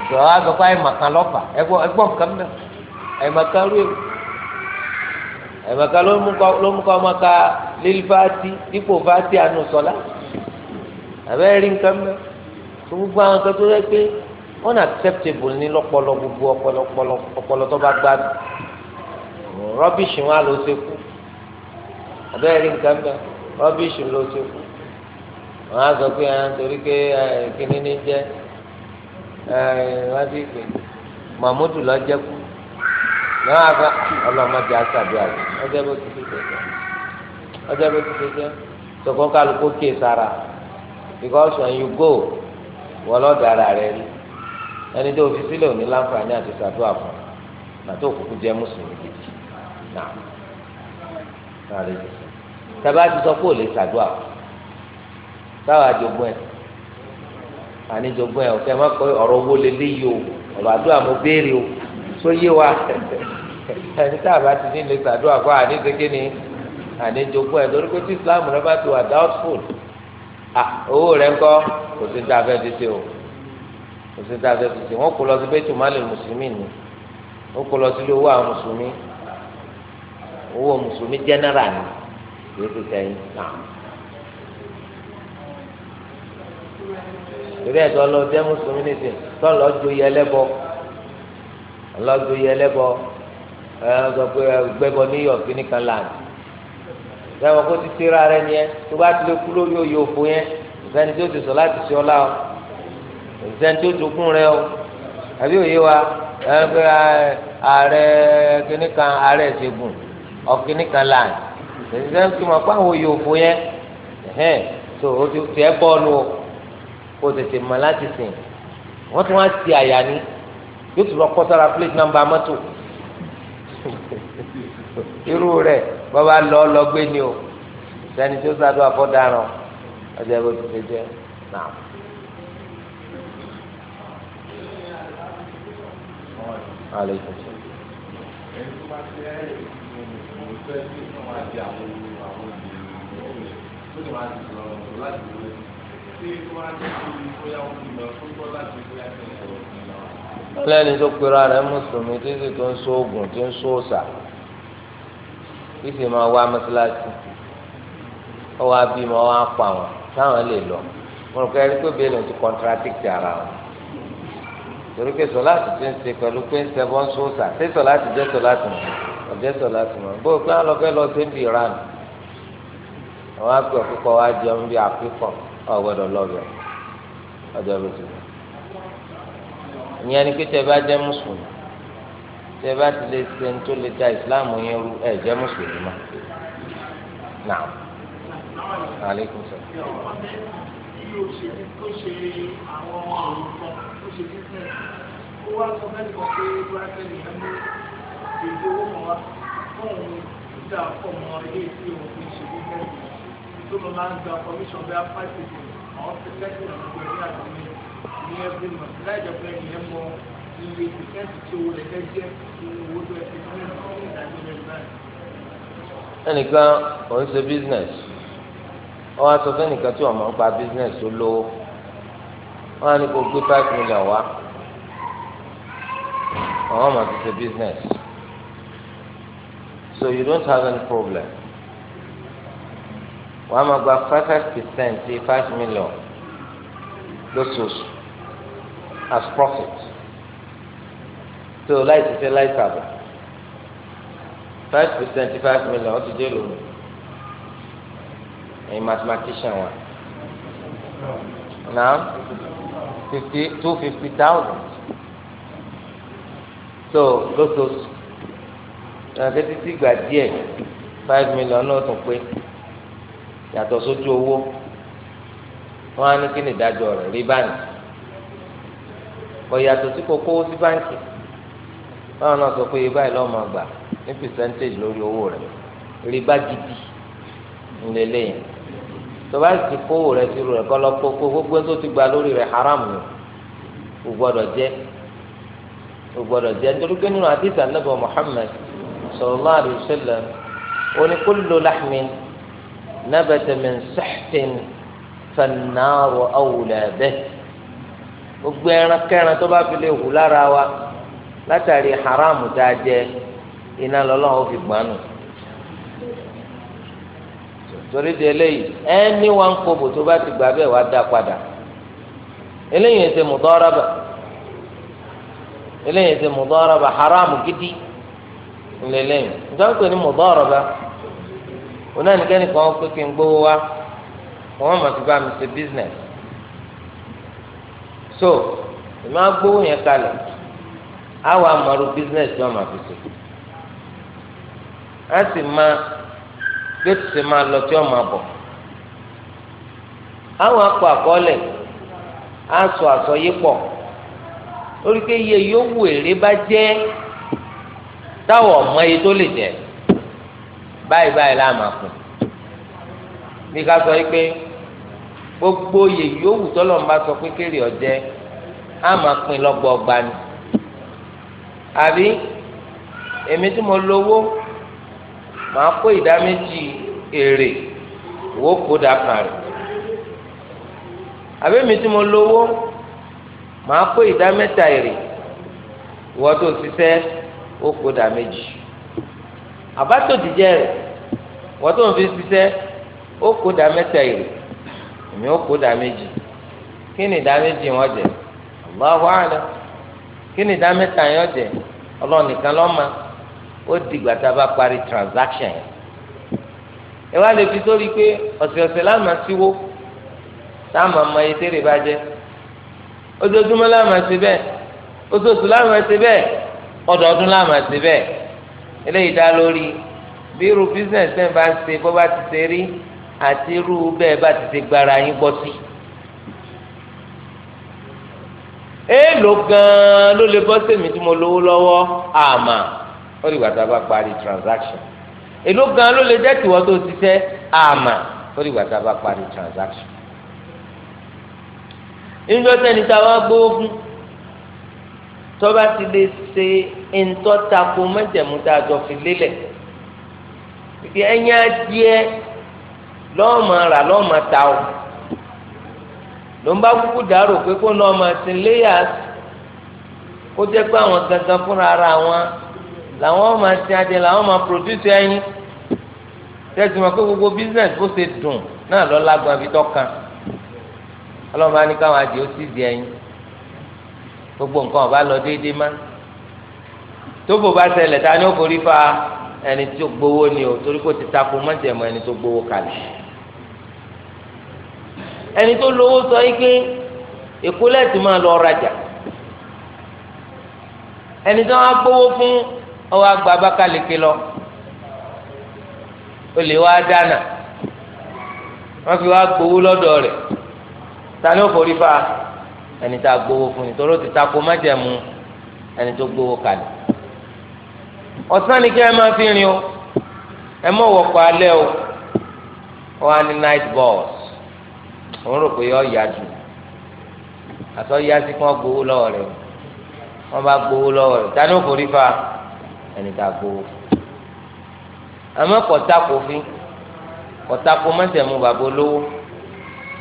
ìjọba wa sọ pé àìmọ̀kan lọ́fà ẹgbọ́ nǹkan mbẹ àìmọ̀kan rú ewu àìmọ̀kan ló mú kọ́ ọmọ ká lílí fáti dípò fáti ànú sọlá àbẹ́rẹ́ rí nǹkan mbẹ gbogbo àwọn kan tó unacceptable ni lọ́pọlọ gbogbo ọpọlọ ọpọlọ ọpọlọ tó bá gbádùn rubbish wọn ló ṣe kú abẹ́rẹ́ rí nǹkan bẹ́ẹ̀ rọ́bìṣì ló ṣe kú wọn á sọ pé ẹ ah, torí pé ẹ ah, kíní ní jẹ ẹ ah, wọn ti pè mahmudu lọ jẹ kú náà wà fún ọlọmọdé àtàdúrà ọjọ́ bó ti fi jẹ ọjọ́ bó ti fi jẹ sọkọ kálukú kéè sára because when you go wọlọ́dàra rẹ rí ẹni tó fi sílẹ̀ òní láǹfààní àti ṣàdúrà fún nàtó òkùnkùn jẹ́ mùsùlùmí gidi náà náà lè jẹ tàbí àti sọ pé ò lè ṣàdúrà fún táwa àjogún ẹ àníjogún ẹ òkè má kọ ọ̀rọ̀ owó lélẹ́yìí o ọ̀rọ̀ àdúrà mo béèrè o tó yé wa *laughs* ẹni tá ti ní lè ṣàdúrà fún àníjogún ni àníjogún ẹ torí pé tí Islam rẹ bá ti wà doubtful owó rẹ ńkọ́ kò sí ní ta ti ṣe o kò sí tá a fẹ́ fi ṣe wọ́n kó lọ sí bẹ́tù málì mùsùlùmí ni wọ́n kó lọ sílé owó àwọn mùsùlùmí owó mùsùlùmí jẹ́nẹ́rà ni kì í fi sẹ́yìn náà. torí ẹ̀tọ́ lọ jẹ́ mùsùlùmí nìsín tó lọ́ọ́ joyè ẹlẹ́bọ lọ́ọ́ joyè ẹlẹ́bọ ẹ sọ pé gbẹ́bọ ní yọ̀ọ̀kì nìkan láàánú kó ti tẹ́ra rẹ ni ẹ tó bá tilẹ̀ kú lórí oyè òfò yẹn ìfẹ́ni tó ti sọ láti ṣe ọlá o ìsẹ́ni tó jogún rẹ o àbí òye wa ẹgbẹ́ ààrẹ kìnnìkan ààrẹ ìṣègùn ọ̀kìnnìkan láàyè ìsẹ́ni tó mọ̀ pé àwọn òye òfo yẹn ẹ̀hẹ́n tó o ti tẹ́ bọ́ọ̀lù o kó tètè mọ̀ láti sìn wọ́n tún wá ti àyà ni yóò tún lọ kọ́ sára plate number mọ́tò *laughs* irú rẹ̀ bàbá lọ lọgbẹ́ ni o sẹ́ni tó sádùn àfọ́dáràn ọjọ́ ìbò tó ṣe náà. aleykum salaam. ẹni tó bá fẹ́ ìmọ̀ ìfẹ́ tí wọ́n máa di àwọn àwọn ìdílé tó lè máa di ìrọ̀rùn láti wọlé tí wọ́n máa di ìlú bóyá wọ́n ti lọ tó gbọ́ láti bóyá tó ń sọ̀rọ̀ lẹ́ni tó pera rẹ̀ mùsùlùmí tí sì tó ń sóògùn tí ń sóòsà kí sì máa wá mọ́sálásí ọwọ́ abímọ ọwọ́ apá wọn táwọn lè lọ mo rò pé ẹni tó bẹ́ẹ̀ lọ ti contradict ara wọn torí pé sọ láti ti ń ṣe pẹ̀lú pé ń sẹ́bọ́n sóòsà ṣé sọ láti jẹ́ sọ láti mọ̀ ọ̀jẹ́ sọ láti mọ̀ bó o pé àwọn ọlọ́fẹ́ lọ sí ibi ìran àwọn akpé ọ̀kúkọ wa jẹun bí àkúkọ ọ̀gbọ́dọ̀ lọ́bẹ̀ ọjọ́ ló ti wọ̀ ìyẹn ni pé tẹ bá jẹ́ mùsùlùmí tẹ bá ti lè ṣe tó lè da ìsìláàmù yẹn rú ẹ̀ jẹ́ mùsùlùmí mọ́ náà ṣe business ó wá sọ fẹ́ẹ́ kan pé bíwáṣẹ́ nìyẹn mú èdè owó mọ̀ wá fóun dá ọmọ ilé tí òun fi ṣe business tó lọ máa ń gba commission bí a àwọn percent ọ̀gbìn ní àgbẹ̀mí ní every month láì jẹ́ pé ẹnìyẹn mọ iye percent tí owó rẹ̀ fẹ́ jẹ́ nínú owó tó ẹsẹ̀ ní ìdájọ́ ẹnìkan òun ṣe business wọ́n á sọ fẹ́nìkan tí ọmọ ń pa business tó lówó wọn á ní kó gbé five million wá àwọn ọmọ ti business so you don't have any problem wàá máa gba five percent sí five million lóṣooṣù as profit so láì ti ṣe láì tàbí five percent sí five million ó ti dé lómi ẹ̀yin mathematician wa Now fifty two fifty thousand so lóṣooṣù ẹnìkan títí gbà díẹ̀ five million náà tún pé yàtọ̀ sójú owó wọn á ní kí ni ìdájọ́ rẹ̀ rí báyìí bọ̀ yàtọ̀ sí kókó sí báǹkì báwọn náà sọ pé báyìí lọ́ọ́ máa gbà ní percentage lórí owó rẹ̀ rí bá gidi ńlẹ́lẹ́yìn tó bá ti kówó rẹ ti rú rẹ kọ́ lọ gbogbo tó ti gba lórí rẹ haram ni kò gbọdọ̀ jẹ kò gbọdọ̀ jẹ nítorí pé nínú àdìsá nàbọ Muhammad sallallahu alaihi wasallam oní kullu lahmin nabata min sihtin fannaru awla bihi gbogbo ẹran kẹran tó bá fi lè hù lára wa látàrí haram tá a jẹ iná lọ́lọ́run fi gbọ́n nù. torí de eléyìí ẹni wà ń tó bá ti gbà bẹ́ẹ̀ wá dá padà eléyìí ẹsẹ̀ eléyìí haram gidi ńlẹ́lẹ́yìn nítorí pé ní mùdọ́rọ́bà onáníkẹ́ni kan pé kí n gbówó wá wọ́n mọ̀ sí bá mi ṣe business so ìmọ̀ agbówó yẹn kalẹ̀ àwọn business ni wọ́n mọ̀ fi ṣe á bí ó ti ṣe máa lọ tí ó máa bọ̀ àwọn akọ àkọọ́lẹ̀ á sọ àsọyípọ̀ lórí pé iye yóò wù èrè bá jẹ́ táwọn ọmọ iye tó lè jẹ́ báyìí báyìí láàmà kù bí ká sọ pé gbogbo iye yóò wù tọ́lọ̀ ń bá sọ pé kéré ọ̀jẹ́ á máa pín lọ́gbọ̀ọ́gba ni àbí èmi tí mo lówó. màá kó ìdá méjì èrè wò kó dà kan rẹ̀ àbẹ́mi tí mo lówó màá kó ìdá mẹ́ta èrè wọ́n tó ṣiṣẹ́ kó dà méjì àbátòdìjẹ́ rẹ̀ wọ́n tó ń fi ṣiṣẹ́ kó dà mẹ́ta èrè èmi ó kó dà méjì kí ni ìdá méjì wọn jẹ Allahu kí ni ìdá mẹ́ta yẹn jẹ nìkan ó dìgbà tá a bá parí transaction yẹn ẹ wá lè fi sórí pé ọ̀sẹ̀ọ̀sẹ̀ láàmà síwó táàmà mọ iye tẹ́rẹ̀ bá jẹ́ ojoojúmọ́ láàmà sí bẹ́ẹ̀ oṣooṣù láàmà sí bẹ́ẹ̀ ọdọọdún láàmà sí bẹ́ẹ̀ eléyìí dá lórí bí irú business náà bá ń ṣe bó bá ti ṣe rí àti irú bẹ́ẹ̀ bá ti ṣe gbára yín gbọ́ sí. èèlò gan-an ló lè bọ́ sèmi tí mo lówó lọ́wọ́ àmà. Ah, ó dìgbà tá a bá parí transaction èló gan ló lè jẹ́ tìwọ́ tó ti tẹ́ àmà ó dìgbà tá a bá parí transaction níjọ́ sẹ́ni tá a wá gbówó fún tọ́ba ti lè ṣe ntọ́tako mẹ́jẹ̀mú tá a jọ fi lélẹ̀ ìdí ẹ̀yìn adìẹ lọ́ọ̀mà rà lọ́ọ̀mà ta o ló ń bá kúkú dárò pé kó lọ́ọ̀mà sí léyà kó jẹ́ pé àwọn gangan fúnra ara wọn làwọn máa ti adìẹ làwọn máa produce ẹyin tẹsí ma pé gbogbo business bó ṣe dùn náà lọ lágbọn fi tọkàn ọlọ́run bá ní káwọn adìẹ ó sì di ẹyin gbogbo nǹkan ọba lọ déédéé má tóbò bá ṣẹlẹ̀ ta ni ó forí fa ẹni tó gbowó ni o torí kò ti takò mọ́tẹ̀mọ́ ẹni tó gbowó kalẹ̀ ẹni tó lówó sọ yìí pé èkó lẹ́ẹ̀tì lọ rajà ẹni tó wá gbowó fún ọwọ agba abakaliki lọ olè wa dáná wọn fi wa gbowó lọ́dọ̀ rẹ̀ tani ó forí fa ẹni tá a gbowó fún ni torí ó ti tako májẹ̀mú ẹni tó gbowó kalẹ̀ ọ̀sán ni kí ẹ máa fi rìn o ẹ mọ̀ wọ̀pọ̀ alẹ́ o wọn ní night bus òun rò pé yọ ya jù àtọ́ ya sí kí wọ́n gbowó lọ́wọ́ rẹ̀ wọ́n bá gbowó lọ́wọ́ rẹ̀ tani ó forí fa ẹni tá a gbowó àmọ́ kọ̀tàkù fi kọ̀tàkù mọ́tẹ̀mú bàbá olówó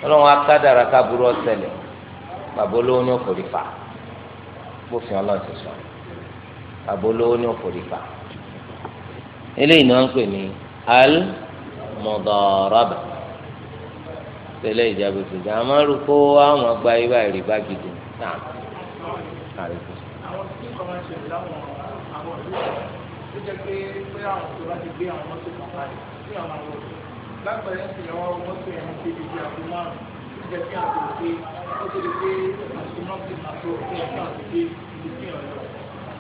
ọlọ́run akádàrà kábúrú ọ̀sẹ̀lẹ̀ bàbá olówó ní òkòrí fà bófin ọlọ́run ti sọ bàbá olówó ní òkòrí fà eléyìí ni ń pè ní al mọ̀dọ̀rọ̀bà tẹ́lẹ̀ ìjàgbé tuntun àmọ́ rúkó àwọn gba ibà ìrìbá gidi náà. àwọn àwọn ìlú tó jẹ́ pé pé àwọn tó láti gbé àwọn mọ́tò kan báyìí sí àwọn àwọn òbí lápẹ̀rẹ̀ sì yẹn wọ́n mọ́tò yẹn ti di ti àgbo márùn tó jẹ́ kí àgbo pé ó ti di pé àti mọ́tò àti òfin ẹ̀ka àti pé ìlú fi hàn lọ.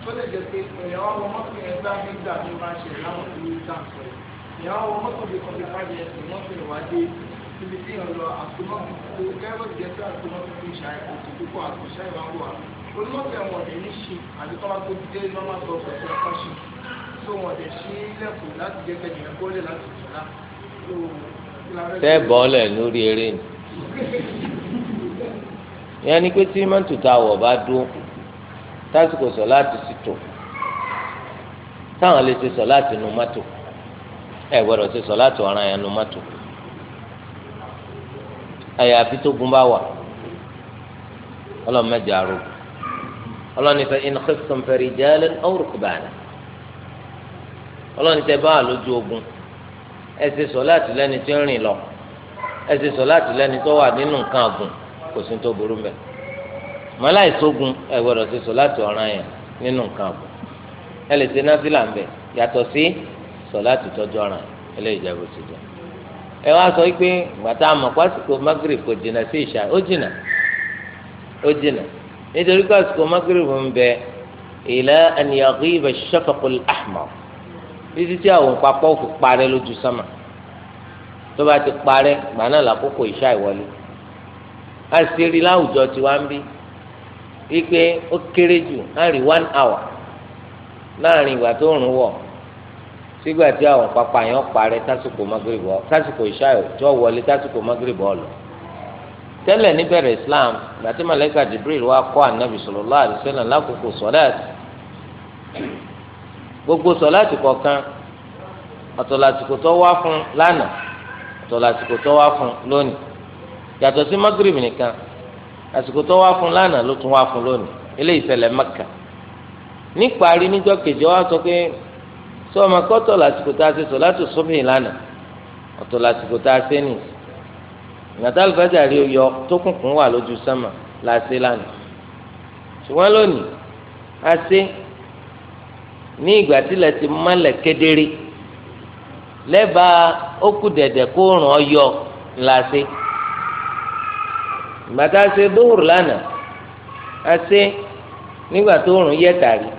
tó lè jẹ́ pé ìyẹn wọ́n wọ́n mọ́tò yẹn gbá nígbà ní máa ṣe láwọn ìlú ìtàkùn ìyẹn wọ́n wọ́n mọ́tò bí kọ́ńtì fáìlì ẹ̀sìn mọ́tò ìwádìí ibi tí ìyẹn lọ àtúmọ̀ kẹ́rọ̀ jẹ́ pé àtúmọ̀ fi ṣàìkò tó kó àtúnṣe ìwà wà onímọ̀tẹ̀ wọn ọ̀dẹ̀ ní ṣe àti tọ́wá tó dé lọ́mọ tó ọ̀sẹ̀ ọ̀kan ṣe tó wọn ọ̀dẹ̀ ṣe lẹ́kùn láti jẹ́ kẹ́kẹ́ yẹn kólé láti jọ̀lá tó tẹ́ bọ́ọ̀lẹ̀ lórí eré ni ìyẹn ni pé tí mọ́tò tá a wọ̀ bá dúró tásìkò sọ láti sì tò táwọn lè ṣe sọ láti nu mọ́tò ẹ gbọ́dọ̀ ṣe sọ láti ọ̀ràn yẹn nu mọ́tò àyàfi tó gun bá wà ọlọ́mọdé arógun ọlọ́ni fẹ́ in khiftum farijalan aw rukbana ọlọ́ni tẹ bá a lójú ogun ẹ ṣe sọ̀láàtì lẹ́ni tó ń rìn lọ ẹ ṣe sọ̀láàtì lẹ́ni tó wà nínú nǹkan àgùn kò sí tó burú mẹ́ mọ́láì sógun ẹ gbọ́dọ̀ ṣe sọ̀láàtì ọ̀ràn yẹn nínú nǹkan àgùn ẹ lè ṣe náfìlà ń bẹ yàtọ̀ sí sọ̀láàtì tọ́jú ọ̀ràn ẹ lè jẹ́ bó ti jẹ́ ẹ wá sọ pé gbàtà àmọ̀ pásítọ̀ magrib kò jìnnà sí ìṣà ó jìnnà ó jìnnà nítorí pé àsìkò magrib ń bẹ ila an yaghiba ash-shafaqul ahmar títí tí àwọn papọ̀ fi parẹ́ lójú sánmà tó bá ti parẹ́ gbà náà lákòókò ìṣá ìwọlé àṣírí láwùjọ tí wá ń bí wípé ó kéré jù láàrin one hour láàrin ìgbà tó rùn wọ̀ sígbà tí àwọn papọ̀ yẹn parẹ́ tásìkò magrib tásìkò ìṣá ìjọ wọlé tásìkò magrib lọ tẹ́lẹ̀ níbẹ̀rẹ̀ islam gbàtí malayika jibril wá kọ́ anabi sallallahu alaihi wasallam lákòókò sọ̀láàtì gbogbo sọ̀láàtì kọ̀ọ̀kan ọ̀tọ̀ lásìkò tó wá fún lánàá ọ̀tọ̀ lásìkò tó wá fún lónìí yàtọ̀ sí magrib nìkan àsìkò tó wá fún lánàá ló tún wá fún lónìí eléyìí ṣẹlẹ̀ mẹ́kà níparí níjọ́ kejì wá sọ pé sọ ma kọ́tọ̀ lásìkò tá a ṣe sọ̀láàtì sọ́bìn lánàá ọ̀tọ̀ tá a ṣe nìyí ìgbàtà alùpàjàre yọ tó kùnkùn wà lójú sánmà la ṣe lánàá ṣùgbọ́n lónìí a ṣe ní ìgbà tílẹ̀ ti mọ́lẹ̀ kedere lẹ́bàá ó kù dẹ̀dẹ̀ kó ràn ọ́ yọ la ṣe ìgbàtà ṣe dóhùrù lánàá a ṣe nígbà tó rùn yẹ tàrí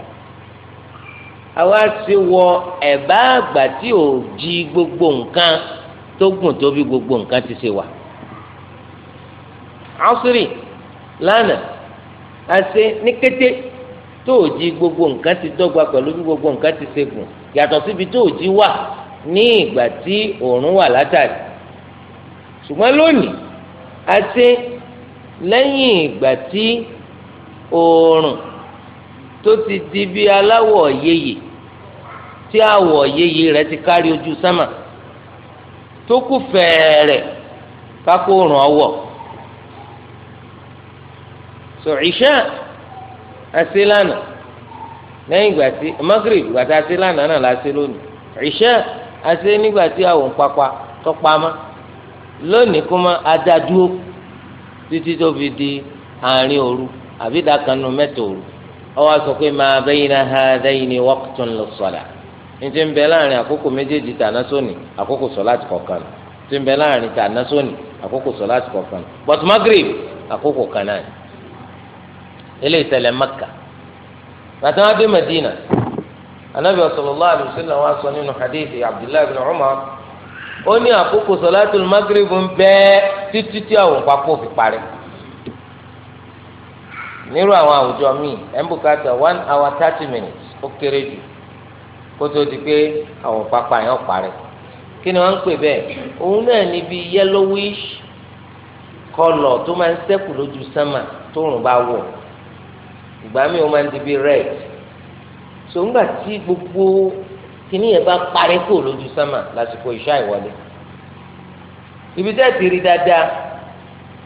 àwa sì wọ ẹ̀bá àgbà tí ò jí gbogbo nǹkan tó gùn tó gbogbo nǹkan ti ṣe wà asiri lana, ase ní kété tó o jí gbogbo nǹkan ti dọ́gba pẹ̀lú bí gbogbo nǹkan ti ṣe gùn yàtọ̀ síbi tó o jí wà ní ìgbà tí òòrùn wà látàrí ṣùgbọ́n lónìí àṣe lẹ́yìn ìgbà tí òòrùn tó ti di bí aláwọ̀ yeye tí àwọ̀ yeye rẹ̀ ti kárí ojú sámà tó kù fẹ́ẹ̀rẹ̀ kákó òòrùn ọwọ́ so ìṣá àti lánàá lẹ́yìn ìgbà tí magrib ìgbà tí a ti náà la ṣe lónìí ìṣá àti nígbà tí àwọn òǹpapa tó lónìí kó má títí tó fi di àárín òru àbí ìdákanu mẹ́ta òru ọwọ́ sọ pé ma bayna hadhayni waqtun ń bẹ láàrin àkókò méjèèjì tàná sóni àkókò ń bẹ láàrin tàná sóni àkókò but àkókò kan ilé ìtẹ̀lẹ̀ maka bàtà wọn dé Madina anabi sallallahu alaihi wasallam wa sọ nínú hadithi abdullahi bin umar ó ní àkókò sọláàtù magrib ń bẹ títí tí àwọn papò fi parí nírú àwọn àwùjọ míì ẹ̀ one hour thirty minutes ó kéré jù kó tó di pé àwọn pápá yẹn ó parí kí ni wọ́n ń pè bẹ́ẹ̀ òun náà ní yellowish kọlọ̀ tó máa ń ṣẹ́kù lójú sánmà tó rùn bá wọ̀ ìgbà mi ò máa ń di bí red so ńgbà tí gbogbo kíní yẹn bá parí kò lójú sánmà lásìkò ìṣá ìwọlé ibi tẹ́ ti rí dáadáa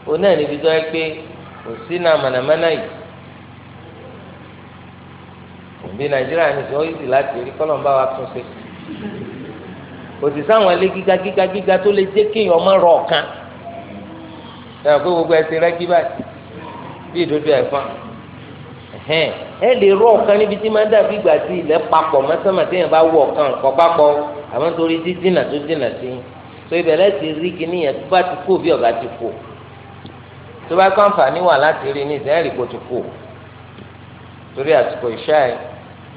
òun náà níbi tó yẹ pé kò sí náà mànàmáná yìí òbí nàìjíríà ní sọ yìí sì láti rí kọ́lọ̀ ń bá wa tún ṣe kò sì sáwọn ilé gíga gíga gíga tó lè jẹ́ kéèyàn ọmọ rọ ọ̀kan ẹ̀ pé gbogbo ẹ̀sìn rẹ́ gí báyìí bí ìdodo ẹ̀fọn ẹ̀hẹ́n ẹ lè rọ ọ̀kan níbi tí máa ń dàbí ìgbà tí ilẹ̀ papọ̀ mọ́sánmà téèyàn bá wọ ọ̀kan ọ̀kọ́ papọ̀ àmọ́ torí dídínà tó dínà sí i tó ìbẹ̀rẹ̀ ti rí kíní yẹn tó bá ti kó bí ọ̀gá ti kó tó bá kànfàní wà láti rí ní ìsẹ́yìn rìpò ti kó torí àsìkò ìṣá ẹ̀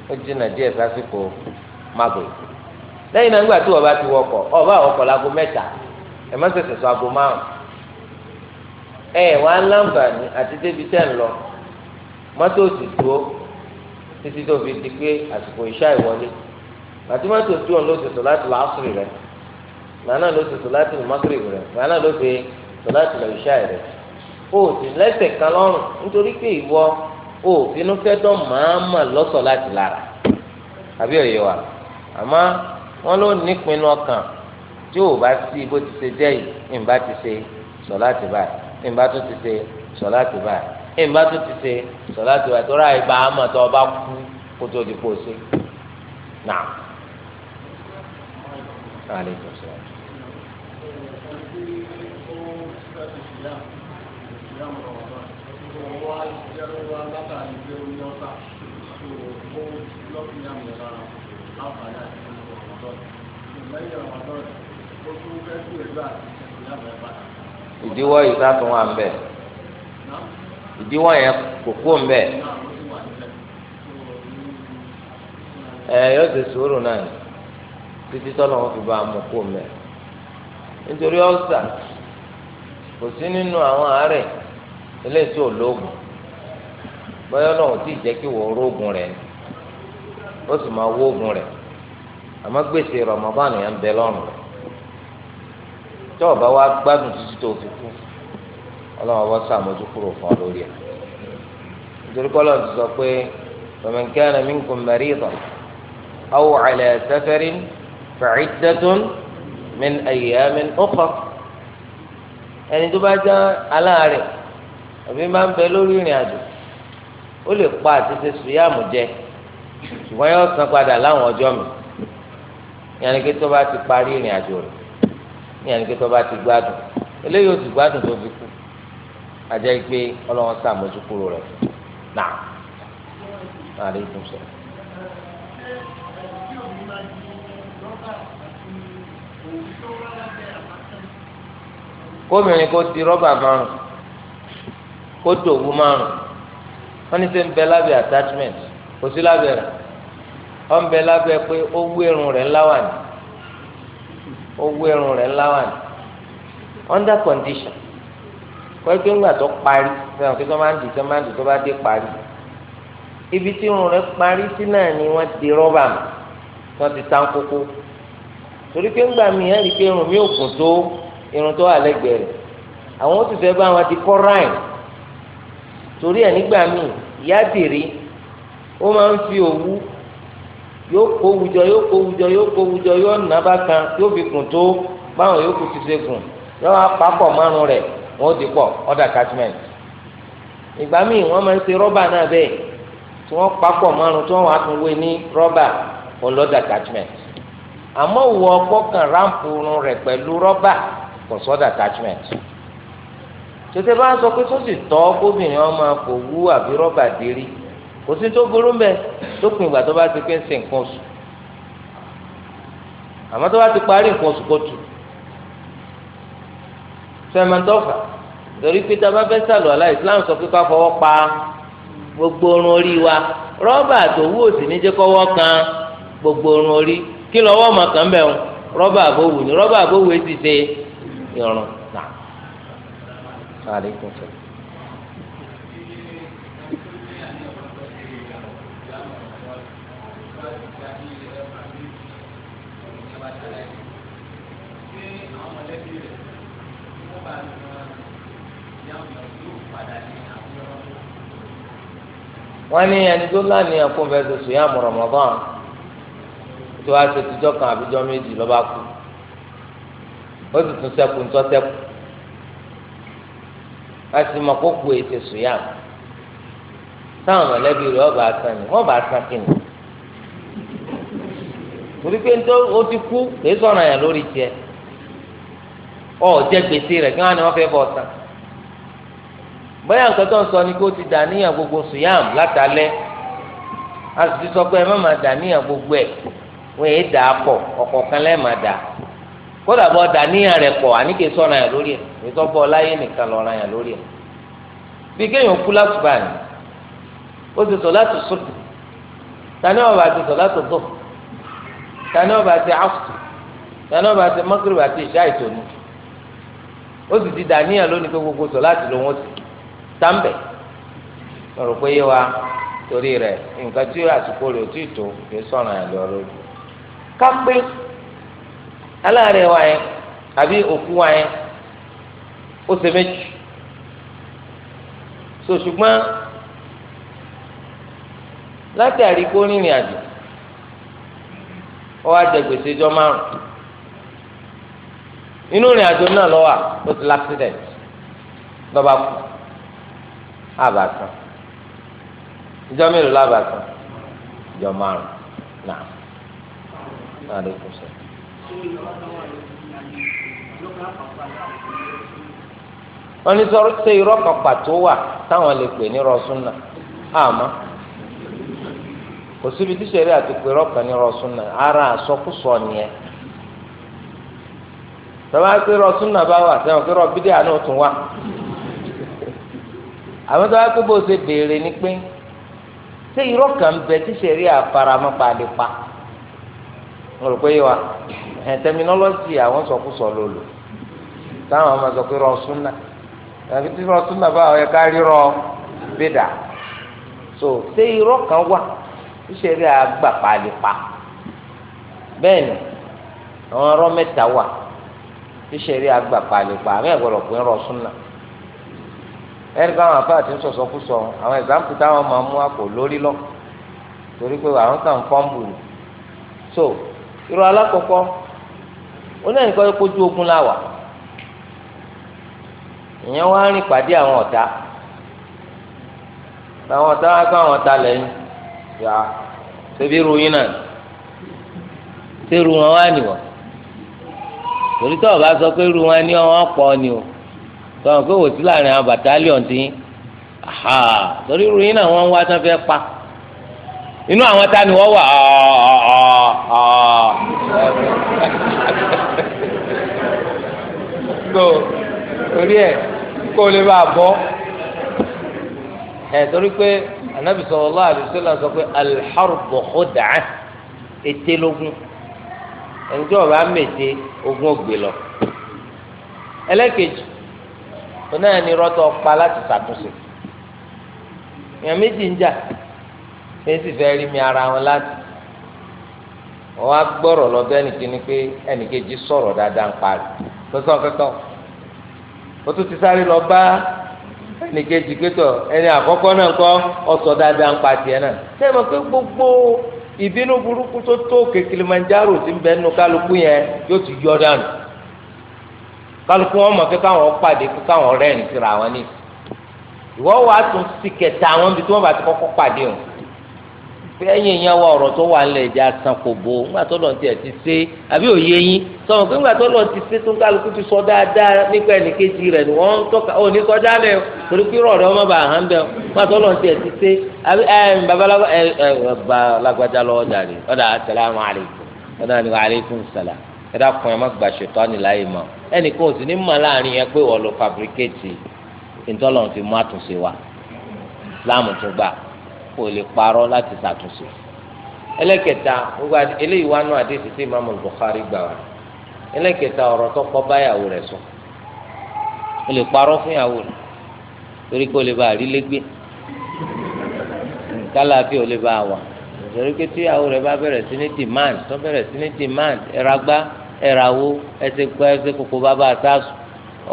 ó dínà díẹ̀ sásìkò magbè lẹ́yìn náà nígbà tí wọ́n bá ti wọkọ̀ ọba àwọkọ̀ lágo mẹ́ta ẹ̀ má ṣẹ̀ṣẹ̀ mọ́tò sì dúró títí tó fi di pé àsìkò ìṣá ìwọlé àti mọ́tò dúró ló ti sọ láti lọ àṣírí rẹ̀ gbaná ló ti sọ láti lọ mọ́tìrì rẹ̀ gbaná ló ti sọ láti lọ ìṣá rẹ̀ o sì lẹ́sẹ̀ kan lọ́rùn nítorí pé ìwọ o finú fẹ́ dán màámà lọ́sọ̀ láti lára àbí òye wa àmọ́ wọ́n ló nípinnu ọkàn tí o bá sí bó ti ṣe jẹ́ yìí ìbá ti ṣe sọ láti báyìí ìbá tún ti ṣe sọ láti báyìí ẹ̀ ń bá tó ti ṣe sọ̀lá ti wà tó rà ìgbà àmọ̀ tó ọba kú kó tó di kó ṣe náà. Aleykum salaam. ìdíwọ́ yìí sá tún wà ń bẹ̀. ìdíwọ́ yẹn kò kó ń bẹ̀ ẹ yóò ṣe sùúrù náà títí wọn fi bá a mú kó ń bẹ̀ nítorí ọ̀sà kò sí nínú àwọn àárẹ̀ eléyìí tó lóògùn bọ́yọ́ náà ò jẹ́ kí wọ́n rógùn rẹ̀ ó sì máa wógùn rẹ̀ àmọ́ gbèsè yẹn ń bẹ ọlọ́run bá sàmójú kúrò fún ọ lórí ẹ̀ nítorí kọ́lọ̀ ti sọ pé faman kana minkum maridan aw ala safarin fa'iddatun min ayyamin ukhar ẹni tó bá jẹ́ aláàárẹ̀ àbí máa ń bẹ lórí ìrìn àjò ó lè pa àti ṣe sùyàmù jẹ ṣùgbọ́n yóò san padà láwọn ọjọ́ mi ìyànní tó bá ti parí ìrìn àjò rẹ̀ ìyànní tó bá ti gbádùn eléyìí ó ti gbádùn tó fi kú ajẹ́ pé ọlọ́wọ́n sàmójúkúrò rẹ̀ náà àlẹ́ ìkún sọ. kóbìnrin kó ti rọ́bà márùn kó tòwú márùn wọ́n ní sẹ́ ń bẹ lábẹ́ attachment kò sí lábẹ́ rẹ̀ wọ́n bẹ lábẹ́ pé ó wú irun rẹ̀ láwàní ó irun rẹ̀ láwàní under condition wọ́n pé ńgbà tó parí sẹ́wọ̀n kí tó máa ń dì tó máa ń dì tó bá dé parí ibi tí irun rẹ̀ parí sí náà ni wọ́n di rọ́bà mọ́ wọ́n ti tán kókó torí pé ńgbà mi ẹ̀ rí i pé irun mi ò gùn tó irun tó wà lẹ́gbẹ̀ẹ́ rẹ̀ àwọn oṣù fẹ́ bá wọn ti kọ́ ráìn torí ẹ̀ nígbà míì ìyá dèrè ó máa ń fi òwú yóò kó wùjọ yóò kó wùjọ yóò kó wùjọ yóò nà bá kan yóò fi gùn tó báwọn yóò kó ti ṣe gùn yóò wá pàápọ̀ márùn rẹ̀ wọn ó ti pọ̀ ọ̀dà catchment ìgbà míì wọ́n máa ń ṣe rọ́bà náà bẹ́ẹ̀ tí wọ́n papọ̀ márùn tí wọ́n wàá tún wé ní rọ́bà ọlọ́dà catchment àmọ́ wọ ọkọ kan ráǹpù rẹ̀ pẹ̀lú rọ́bà kò sọ́dà catchment tètè bá sọ pé tó sì tọ́ gómìnà ọmọ kò wú àbí rọ́bà dérí kò sí tó burú mbẹ lópin ìgbà tó bá ti pé ń ṣe nǹkan oṣù àmọ́ tó bá ti parí nǹkan oṣù kó tù sẹmẹtọfà torí pé tá a bá sàlù àlá islam sọ pé ká fọwọ́ pa gbogbo orun orí wa rọ́bà àtòwú òsì ní jẹ́ kọ́wọ́ kan gbogbo orun orí kí lọ́wọ́ ọmọ kan bẹ̀ ń rọ́bà àbówù ni rọ́bà àbówù èsì ṣe ìrùn náà. nwanne ní ẹni tó lánìyàn kó fẹsẹ sùyàmù Ramadan tó wá ṣe tìjọ kan àbíjọ méjì lọba kú ó sì tún ṣẹ́kù ń tọ́sẹ́kù a sì mọ̀ kó ku ètè sùyàmù táwọn mọ̀lẹ́bí ọba àtàn ni wọ́n bá àtàn torí pé ó ti kú sọ̀rọ̀ yẹn bóyá nǹkan tó ń sọ ni kó ti dà níyàn gbogbo sùyàm látàlẹ́ a sì ti sọ pé ẹ má máa dà níyàn gbogbo ẹ̀ wọ́n èé dà á pọ̀ ọ̀kọ̀ọ̀kan lẹ́ẹ̀ máa dà kódà bọ́ dà níyàn rẹ̀ pọ̀ àní kìí sọ̀rọ̀ yàn lórí ẹ̀ ètò ọbọ̀ láyé nìkan lọ́ra yàn lórí ẹ̀ bí kéèyàn kú látùbà ni ó ti sọ látù sùtù tani ọba ti sọ látù tó tani ọba ti àfùtù tani ọba ti mọ́kìrìbà ti ìṣá ìtòní ó sì ti dà níyàn lónìí pé gbogbo sọ láti lòun ó tambe mo rò pé yé wa torí rẹ nǹkan tí àsìkò rẹ̀ ò tí ì tó kì í sọ̀rọ̀ ẹ̀ lọ lójú. ká wa yẹn àbí òkú wa yẹn ó ṣe méjì so ṣùgbọ́n látàrí rìnrìn àjò ó wá jẹ gbèsè jọ márùn inú rìn àjò náà lọ wà ó ti àbá ìjọ mélòó na kan ìjọ márùn náà náà lè kó sọ. wọ́n ní sọ ṣé irọ́ kan pàtó wà táwọn lè pè ní rọ́ṣúnà àmọ́ kò síbi ara àsọkúsọ nìyẹn tọ́ba pé rọ́ṣúnà bá wà sẹ́wọ̀n pé rọ́bídẹ́ àná àwọn tó wá pé bó ṣe béèrè ni pé ṣé irọ́ kan bẹ tí sẹ̀rí àfaramọ́ padì pa mo rò pé yìí wa tẹminọ́lọ́jì àwọn sọkúsọ ló lò táwọn ọmọ sọ pé rọ súnà tàbí tí rọ súnà bá ọ̀yẹ́ ká rírọ bídà so ṣé irọ́ kan wà tí sẹ̀rí àgbà padì pa bẹ́ẹ̀ ni àwọn ọ̀rọ̀ mẹ́ta wà tí sẹ̀rí àgbà padì pa àmì ẹ̀gbọ́dọ̀ pé rọ súnà ẹni pé àwọn àfáà ti ń sọ̀sọ́ kú sọ àwọn ẹ̀sàmpù táwọn máa mú àpò lórí lọ torí pé àwọn kan fọ́ǹbù ni so irú alákọ̀ọ́kọ́ onáyìnkọ́ yẹ kójú ogun láwà ìyẹn wá rìn pàdé àwọn ọ̀tá àwọn ọ̀tá wá gbọ́ àwọn ọ̀tá lẹ́yìn yà ṣebí irú yín náà ṣé wọn wá nìwọ̀n torí tó bá sọ pé irú wọn ni wọn pọ̀ ni o sọ̀rọ̀ pé wò sí láàrin àwọn bàtálíọ̀n tí ha torí ruyin náà wọ́n ń wá tán fẹ́ pa inú àwọn ta ni wọ́n wà *laughs* so torí ẹ kó o lè bá a bọ́ ẹ torí pé anabi sallallahu alaihi wasallam sọ pé al-harbu khud'ah lógún ẹnjọ́ ọba ogún ògbè lọ ẹlẹ́kejì onáà ní rọtọ pa láti ṣàtúnṣe èèyàn méjì ń jà èsì fẹ́ rí mi ara wọn láti wọn á gbọ́rọ̀ lọ́dọ̀ ẹnìkíní pé ẹnìkejì sọ̀rọ̀ dáadáa ń parí lọsọ kankan o tún ti sáré lọ bá ẹnìkejì pétọ ẹni àkọ́kọ́ náà kọ ọsọ dáadáa ń pa tiẹ̀ náà sẹ́yìn mọ̀ pé gbogbo ìbínú burúkú tó tó kékeré manjaro ti ń bẹ́ẹ̀ nù kálukú yẹn yóò ti yọ dànù kálukú wọn mọ pé káwọn pàdé pé káwọn rẹ́rìn síra wọn ni ìwọ wàá tún sí kẹta àwọn ibi tí wọn bá ti kọ́kọ́ pàdé o pé ẹ̀yin ìyẹn wa ọ̀rọ̀ tó wà nílẹ̀ ìdí asan kò bò ńgbà tó lọ tiẹ̀ ti ṣe àbí òye yín sọmọ pé ńgbà tó lọ ti ṣe tó kálukú ti sọ dáadáa nípa ẹnìkejì rẹ̀ ni wọn ń tọ́ka ò ní kọjá lẹ torí pé rọrẹ ọmọ bá hàn bẹ ńgbà tó lọ tiẹ̀ ti ṣe àbí ẹ ẹ lọ ọjà rẹ ọdà assalamu alaikum ọdà alaikum salam ẹ dákun ẹ má gba ṣètọ́ni láàyè mọ́ ẹnì kan ò sì ní mọ̀ láàrin yẹn pé wọ́n lọ fabricate ìtọ́lọ́run fi mú àtúnṣe wa láàmú tún gbà kó lè parọ́ láti ṣàtúnṣe. ẹlẹ́kẹta gbogbo eléyìí wá nú àdéhùn tí Imam Bukhari gbà wá ẹlẹ́kẹta ọ̀rọ̀ tó kọ́ báyàwó rẹ̀ sọ ó lè parọ́ fún ìyàwó rẹ̀ torí kó lè bá àrílégbé kálá bí ó lè bá wà torí pé tíyàwó rẹ̀ bá bẹ̀rẹ̀ sí ní demand tó bẹ̀rẹ̀ sí ní demand ẹ̀ragbá ẹ̀rawó ẹsẹ̀ gbọ́ ẹsẹ̀ kókó bàbá àtàsù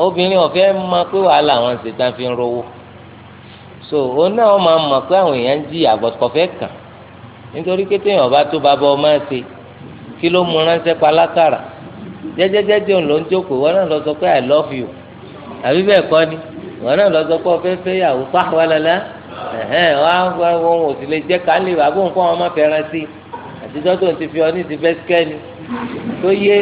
obìnrin ọ̀fẹ́ mọ pé wàhálà wọn ṣe tán fi ń rówó so òun náà wọn máa mọ̀ pé àwọn èèyàn ń jìyà àgbọ̀tọ̀fẹ́ kàn nítorí pé téèyàn bá tó bàbá ọmọ ẹ̀ ṣe kí ló mú ránṣẹ́ palákàrà jẹ́jẹ́jẹ́jẹ́ òun ló ń jókòó wọn náà lọ sọ pé i love you àbí bẹ́ẹ̀ kọ́ ni wọn náà lọ sọ pé ọ̀fẹ́ fẹ́ yàwó pàwọ́ lọ́lá wọ́n á wọ́n ò sì lè jẹ́ ká lè wà bóun kọ́ wọn má fẹ́ràn sí i àtijọ́ tó ti fi ọ ní ti fẹ́ tó yé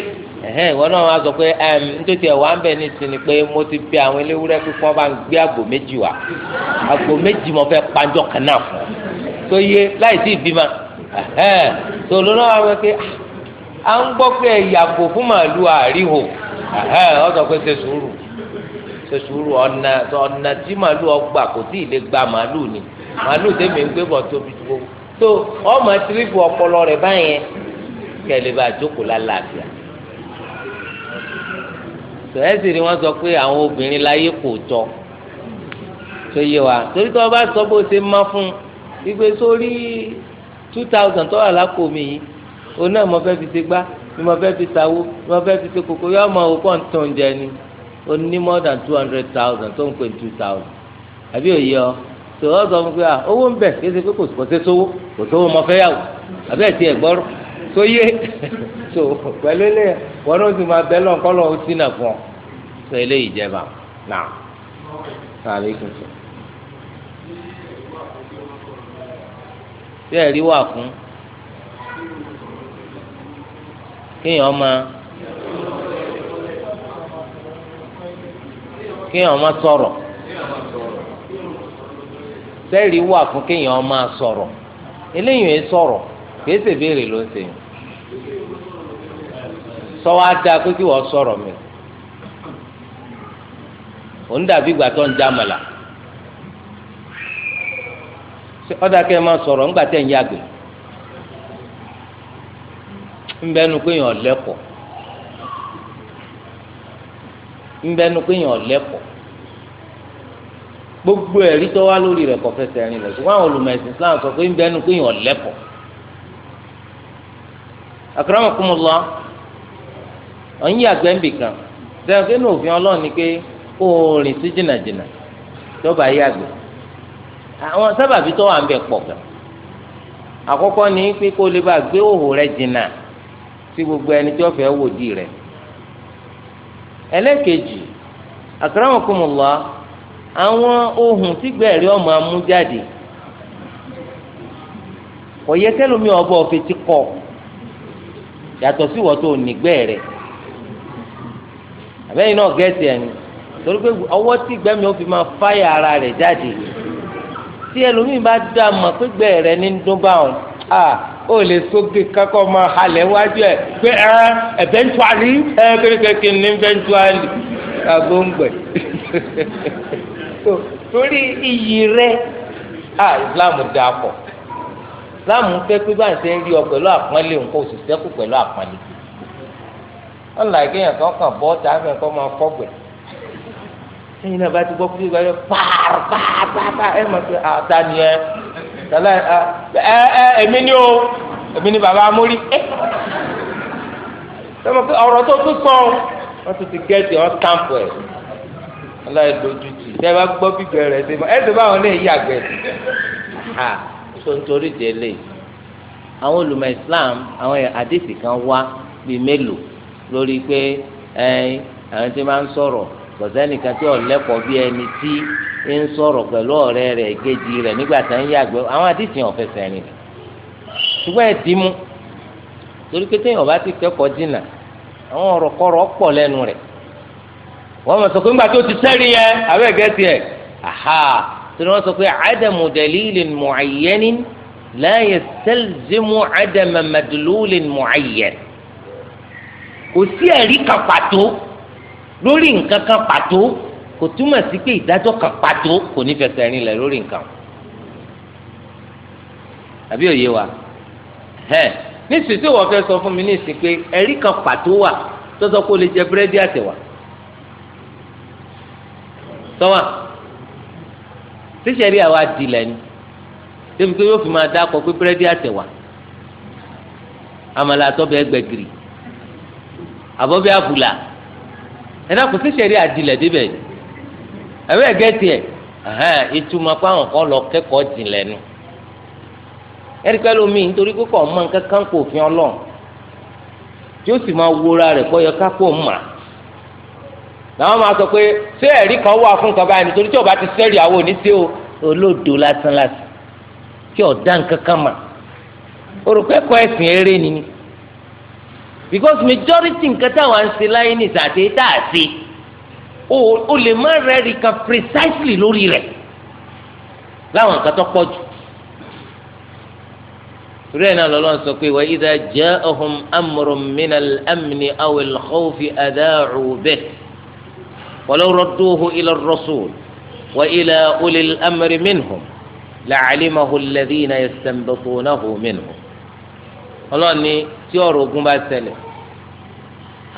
ìwọ náà wọ́n á sọ pé ń bẹ̀ ní ìsinmi pé mo ti àwọn eléwúrẹ́ bá ń gbé àgbò méjì wá àgbò méjì mo fẹ́ náà wọ́n á pé à ń gbọ́ pé sọ pé ṣe sùúrù ṣe sùúrù ọ̀nà ọ̀nà tí màálù ọgbà kò tí ì lè gba màálù ni màálù tèmi ń gbé bọ̀ tóbi tó tó ọmọ tìrìfù ọpọlọ rẹ̀ báyẹn kẹlẹ́ bá jókòó lálàáfíà tẹ̀sí ni wọ́n sọ pé àwọn obìnrin láyé kò tọ́ tó yé wa torí tí wọ́n bá sọ bó ṣe má fún ìgbé sórí two thousand tó wà lápò mi yìí òun náà mo fẹ́ fi ṣe gbá ni mo fẹ́ fi ṣàwo mo fẹ́ fi ṣe kòkó yọ ọmọ òkú ọ̀ǹtọ̀ ó ní more than two hundred thousand tó ń pè two thousand àbí òye ọ tó ọ sọ fún pé à ah, owó ń bẹ kí ẹsẹ pé kò sí sówó kò sówó mọ fẹ́ yàwó àbí ẹ̀sìn ẹ̀gbọ́rọ̀ tó yé tó *laughs* pẹ̀lú ilé wọn ló ti máa bẹ́ lọ́n kọ́ lọ́n ó sí nà fún ọ tó eléyìí jẹba náà sàlẹ̀ ìkùn sọ. bí ẹ̀rí wà fún kéèyàn máa. kéèyàn má sọ̀rọ̀ sẹ́ẹ̀rì wà fún kéèyàn sọ̀rọ̀ eléyìí sọ̀rọ̀ kìí ṣe béèrè ló ń ṣe sọ wá dáa pé kí wọ́n sọ̀rọ̀ mi ò ń dàbí ìgbà tó ń já ọ̀dà kẹ́ ẹ máa sọ̀rọ̀ ńgbà tẹ̀ ńbẹnu pé èèyàn lẹ́kọ̀ọ́ gbogbo ẹ̀rí tó wá lórí rẹ̀ kò fẹsẹ̀ rìn lẹ̀ ṣùgbọ́n àwọn olùmọ̀ ẹ̀sìn Islam sọ pé ńbẹnu pé èèyàn lẹ́kọ̀ọ́ akramakumullah ọ̀nyí àgbẹ̀ǹbì kan sẹ́yìn pé ní òfin ni pé kó o rìn sí jìnnàjìnnà tó bá yí àgbẹ̀ àwọn sábàbí tó wà ń bẹ̀ pọ̀ gan àkọ́kọ́ ni pé kó o lè bá gbé òhò rẹ̀ jìnnà sí gbogbo ẹni tó fẹ́ wò di rẹ̀ ẹlẹ́kejì akramakumullah àwọn ohun tígbẹ̀rí ọmọ amújáde kò yẹ kẹlòmí ọba ọ̀fẹ́tì kọ yàtọ̀ sí wọ́n tó nígbẹ́ rẹ̀ àbẹ́yìn náà gẹ̀ẹ́sì ẹ̀ torí pé ọwọ́ tí fi máa fáyà ara rẹ̀ jáde tí ẹlòmíì bá dá mọ̀ pé gbẹ́ rẹ̀ ah ó lè sókè kakọ́ máa halẹ̀ wájú ẹ̀ pé ẹ ẹ̀bẹ́ntuali ẹ kékeré ní ẹ̀bẹ́ntuali agbóngbẹ̀ torí iyì rẹ ah Islam da pọ̀ Islam fẹ́ pé bá ń ṣe ń rí ọ pẹ̀lú àpọ́nlé nǹkan oṣù sẹ́kù pẹ̀lú àpọ́nlé wọn là kéèyàn kan kàn bọ́ tá a fẹ́ kọ́ máa fọ́gbẹ̀ ẹ̀yin náà bá ti gbọ́ pé ìgbà yẹn pààrọ̀ pààrọ̀ pààrọ̀ ẹ̀ máa fi àtàníyàn tẹ́lẹ̀ ẹ ẹ èmi ni o èmi ni bàbá amórí ẹ sọmọ pé ọ̀rọ̀ tó tún pọ̀ wọ́n tún ti gẹ́ẹ̀tì wọ́n tàǹpù ẹ̀ ọlọ́yẹ dojú tì tẹ́ bá gbọ́ bíbẹ̀ rẹ̀ ṣe mọ́ ẹ̀sìn báwọn náà yí àgbẹ̀ ha tó ń torí délé àwọn olùmọ̀ Islam àwọn àdìsí kan wá bíi mélòó lórí pé ẹ àwọn tí wọ́n máa ń sọ̀rọ̀ kò sẹ́nìkan tí ọ̀lẹ́kọ̀ọ́ bí ẹni tí ń sọ̀rọ̀ pẹ̀lú ọ̀rẹ́ rẹ̀ kejì rẹ̀ nígbà tá ń yàgbẹ́ àwọn àdìsí ọ̀fẹ́ sẹ́rin rẹ̀ ṣùgbọ́n ẹ̀ dì mú torí pé téèyàn bá ti kẹ́kọ̀ọ́ jìnnà àwọn ọ̀rọ̀ kọ́rọ̀ pọ̀ lẹ́nu rẹ̀ wọ́n mọ̀ sọ pé ńgbà tó ti sẹ́rin yẹn abẹ́ẹ̀gẹ́ tiẹ̀ aha torí wọ́n sọ pé àdàmù dalilin mu'ayyanin la yastalzimu àdàmù madlulin mu'ayyan kò sí ẹ̀rí kan lórí nǹkan kan pàtó kò túmọ̀ sí pé ìdájọ́ kan pàtó kò ní fẹsẹ̀ rìn lẹ̀ lórí nǹkan àbí òye wa nísìsiyìí tí wọ́n fẹ́ sọ fún mi nísìsiyìí pé ẹ̀rí kan pàtó wà tó sọ pé o lè jẹ búrẹ́dì àtẹ̀wà sọ́wà tíṣẹ̀rí àwa dìlẹ̀ ni débi pé yóò fi máa dákọ̀ pé búrẹ́dì àtẹ̀wà àmàlà àtọ́bẹ̀ àbọ̀bẹ̀ àbùlà ẹ̀dá kò sí sẹ̀rí àdìlẹ̀ débẹ̀ yìí ẹ̀wẹ́ gẹ̀ẹ́tì ẹ̀ ìtumọ̀ pé àwọn kan lọ kẹ́kọ̀ọ́ dìlẹ̀ nu ẹ̀ríkẹ́ lómi nítorí pé kò mọ nǹkan kan kò fi ọlọ́run tí ó sì máa wúra rẹ̀ kọ́ yọ kápò mà làwọn máa sọ pé ṣé ẹ̀rí kan wà fún nǹkan báyìí nítorí tí ọba ti sẹ́rí àwọn oníṣẹ́ o olódo lásán lásán kí ọ̀dá nǹkan kan mà òrùkẹ́kọ̀ọ́ ẹ̀sìn eré ni because majority nǹkan táwọn à ń ṣe láyé ní ìsàtẹ́ tá a ṣe o lè má rẹ́rìí kan precisely lórí rẹ̀ láwọn nǹkan tó pọ̀ jù torí ẹ̀ náà lọ́lọ́run sọ pé wa idha ja'ahum amrun min al-amni aw al-khawfi adha'u bihi walaw radduhu ila ar-rasul wa ila uli al-amri minhum la'alimahu alladhina yastanbitunahu minhum ọlọ́run ni. tí ọ̀rọ̀ ogun bá ṣẹlẹ̀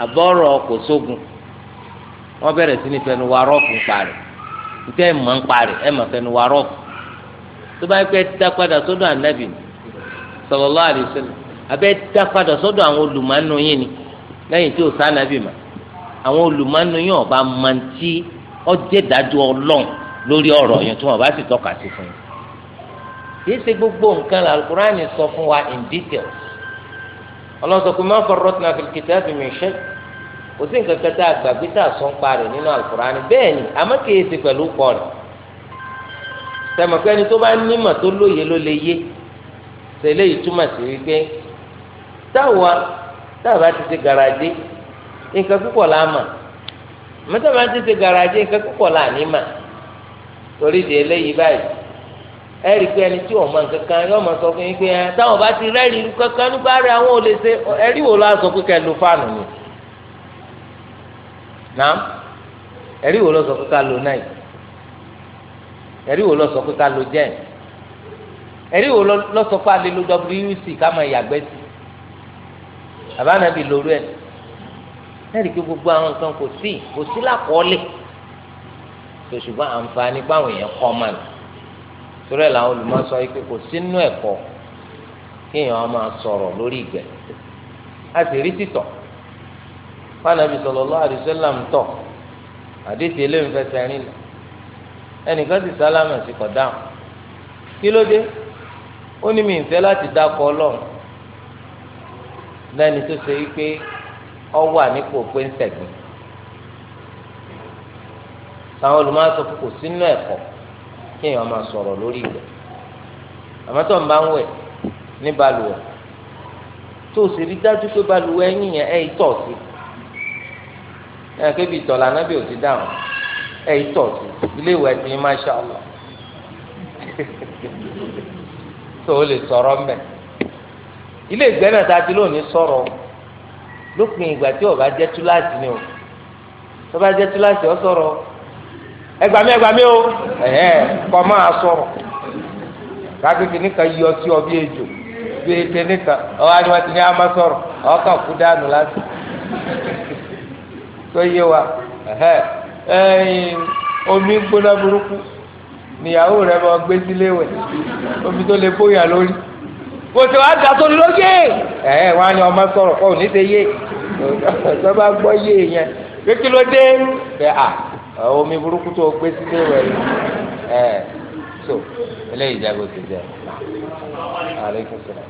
àbọ̀rọ̀ kò sógun wọn bẹ̀rẹ̀ sí ni fẹnu wa rọ́ọ̀fù ń parẹ́ níta ẹ̀ mọ̀ ń parẹ́ ẹ̀ mọ̀ fẹnu wa tó bá yẹ dá padà sọ́dọ̀ ànábì sallallahu alaihi wasallam dá padà àwọn olùmọ̀nù yín ni tí sá ànábì gbogbo nǹkan sọ fún ọlọ́run sọ pé má farratna fil kitabi min shay kò sí nǹkan kan tá a gbàgbé tá a sọ ń pa rẹ̀ nínú alukur'ani bẹ́ẹ̀ ni àmọ́ kì í ṣe pẹ̀lú kọ rẹ̀ tẹmọ̀kẹ́ni tó bá nímọ̀ tó lóye ló lè yé tẹ̀lé ìtumọ̀ sí wípé táwa táwa ti ṣe garaje nǹkan púpọ̀ la mà mọ́tàbá ti ṣe garaje nǹkan púpọ̀ la ní mà torí di eléyìí báyìí ẹ rí i pé ẹni tí ò mọ nǹkan kan yóò máa sọ fún yín pé ẹ táwọn bá ti rẹ́ẹ̀rì kankan nígbà rẹ̀ àwọn ò lè ṣe ẹ̀rí wò ló sọ pé kẹ́ lo fáànù ni nà ẹ̀rí wò ló sọ pé ká lo náì ẹ̀rí wò ló sọ pé ká lo jẹ́ẹ̀ ẹ̀rí wò ló sọ pé a lè lo wc ká máa yàgbẹ́ sí àbánabi lóru ẹ̀ ẹ̀rí pé gbogbo àwọn nǹkan kò sí kò sí lákọọ́lẹ̀ ṣùgbọ́n àǹfààní báwọn èèyàn kọ́ máa nù. torí ẹ̀ làwọn olùmọ̀sọ yìí pé kò sínú ẹ̀kọ́ kéèyàn máa sọ̀rọ̀ lórí ìgbẹ́ a sì fanabi sọlọ alaihi wasallam tọ àdìsí eléyìí rìn lọ ẹnìkan sì sálámà sí kọ̀ dáhùn kí ló dé ó ní mi ìfẹ́ láti dákọ̀ ọlọ́run lẹ́ni tó ṣe wípé ọ wà nípò pé ń sẹ̀gbìn táwọn olùmọ̀sọ kò sínú ẹ̀kọ́. kéèyàn máa sọ̀rọ̀ lórí ìwẹ̀ àmọ́ ń bá ń wẹ̀ ní balùwẹ̀ tó o sì rí dájú pé balùwẹ̀ yín yẹn ẹ̀ tọ̀ sí ẹ̀ kébi ìtọ̀lá nábì ò ti dáhùn ẹ̀ tọ̀ sí ilé ìwẹ̀ ti ní máṣá ọlọ tó o lè sọ̀rọ̀ mbẹ̀ ilé ìgbẹ́ ti sọ̀rọ̀ lópin ìgbà tí ni o tó jẹ́ túláàsì ọ sọ̀rọ̀ ẹgbàmí ẹgbàmí o ẹ̀hẹ́ máa ka kákékeré nìkan yọ sí ọ bí ejò bí eke nìkan ọwọ́ àdìmọ́ ti ní ama sọ̀rọ̀ kú dànù láti tó yé wa omi gbóná burúkú níyàwó rẹ bá gbé sílé omi tó lè bóyá lórí kò sí wàá dà tó lóye á ní ọmọ ní yé bá yé yẹn omi burúkú tó gbé sílé rẹ ẹ so eléyìí jẹ bó ti jẹ àlékún sílẹ̀.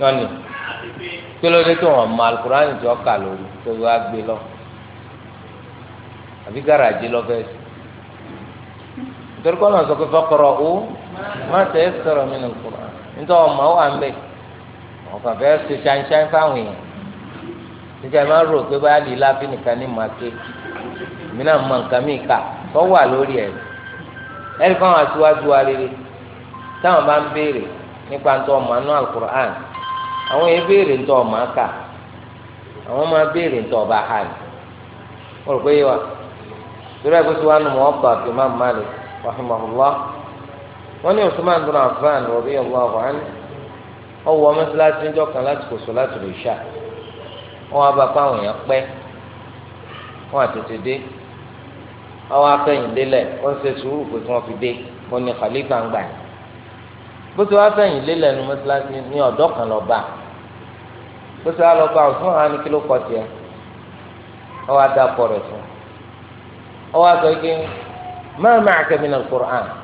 lọ́nì kí ló dé tó wọn mọ alukurani tó kà lórí tó wá gbé lọ àbí garaji lọ fẹ́ sí nítorí kọ́ lọ́n sọ pé fọ́kọ̀rọ̀ ó má tẹ̀ ẹ́ sọ̀rọ̀ mí nìkúrọ̀. nítorí ọmọ wà ń wọn kàn fẹ́ ṣe ṣáńṣáń fáwọn èèyàn níta ẹ máa rò pé báyà lè láfi nìkan ní màkè èmi náà mọ nǹkan mí kà tó wà lórí ẹ ẹni kan aṣíwájú wa rere táwọn bá ń béèrè nípa ntọ́ ọmọ anú alukur'an àwọn yẹn béèrè ntọ́ ọmọ àwọn máa béèrè wọ́n rò pé wọ́n ní Usman bin Affan radiyallahu anhu ọwọ́ mọ́sálásí ńjọ́ kan láti kò sọ́láàtì ìṣà wọ́n wá bá fáwọn èèyàn pẹ́ wọ́n àtètè dé àwọn afẹ́yìn lélẹ̀ wọ́n ṣe sùúrù pé kí wọ́n fi dé wọ́n ní khalifa ń gbà yìí bó ti wá fẹ́yìn lélẹ̀ nu mọ́sálásí ní ọ̀dọ́ kan lọ bá bó ti wá lọ bá Usman hàn ní kíló kọ tiẹ̀ wọ́n wá dá ọkọ fún wọ́n wá sọ ike ma ma'aka min al-Qur'an.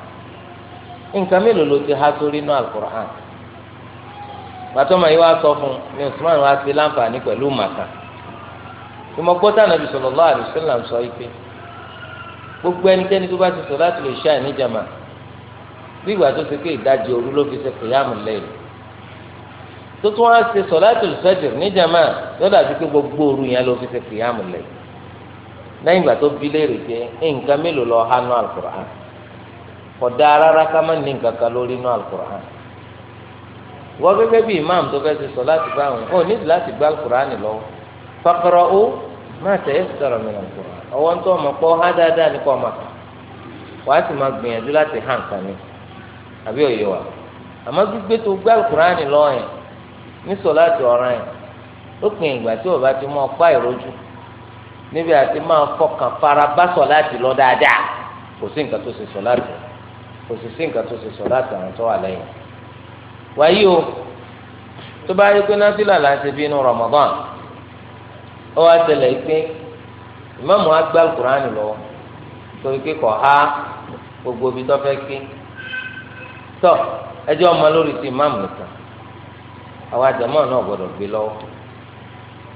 nǹkan mélòó ló ti ha sórí inú alukur'an pàtọ́mọ̀ yìí wá sọ fún Usman wá sí láǹfààní pẹ̀lú màkà ìmọ̀ gbọ́dọ̀ nàbì sọ gbogbo ẹnikẹ́ni tó bá ti sọ láti lè bí ìgbà tó ti pé ìdajì ló fi ṣe kìyàmù lẹ́yìn tó tún wá ṣe níjàmà pé gbogbo yẹn ló fi ṣe kìyàmù lẹ́yìn lẹ́yìn kódà rárá ká má ní nǹkan kan lórí inú alukur'an wọ́n gẹ́gẹ́ bí imam tó fẹ́ ti sọ láti àwọn nídìí láti gbá alukur'an ó má tẹ̀yẹ́ sọ̀rọ̀ tó ọmọ pọ́ há dáadáa ní ọmọ kan wàá sì máa gbìyànjú láti àbí òye wa àmọ́ gbígbé tó gbá alukur'an yẹn ní sọ láti ọ̀ràn yẹn ó pin ìgbà tí ti mọ ọpá ìrójú níbi àti máa fọkàn fara sọ láti lọ dáadáa kò sí nǹkan tó kò sì sí nǹkan tó ṣe sọ láti àwọn tó wà lẹ́yìn wáyé o tó bá yẹ pé násìlà là ń ṣe bí inú Ramadan ó wá pé á gbá alukur'an lọ torí pé kò há gbogbo ibi tó fẹ́ ké tọ ẹjọ́ ọmọ lórí ti ìmáàmù nìkan àwọn àjọmọ́ náà gbọ́dọ̀ gbé lọ́wọ́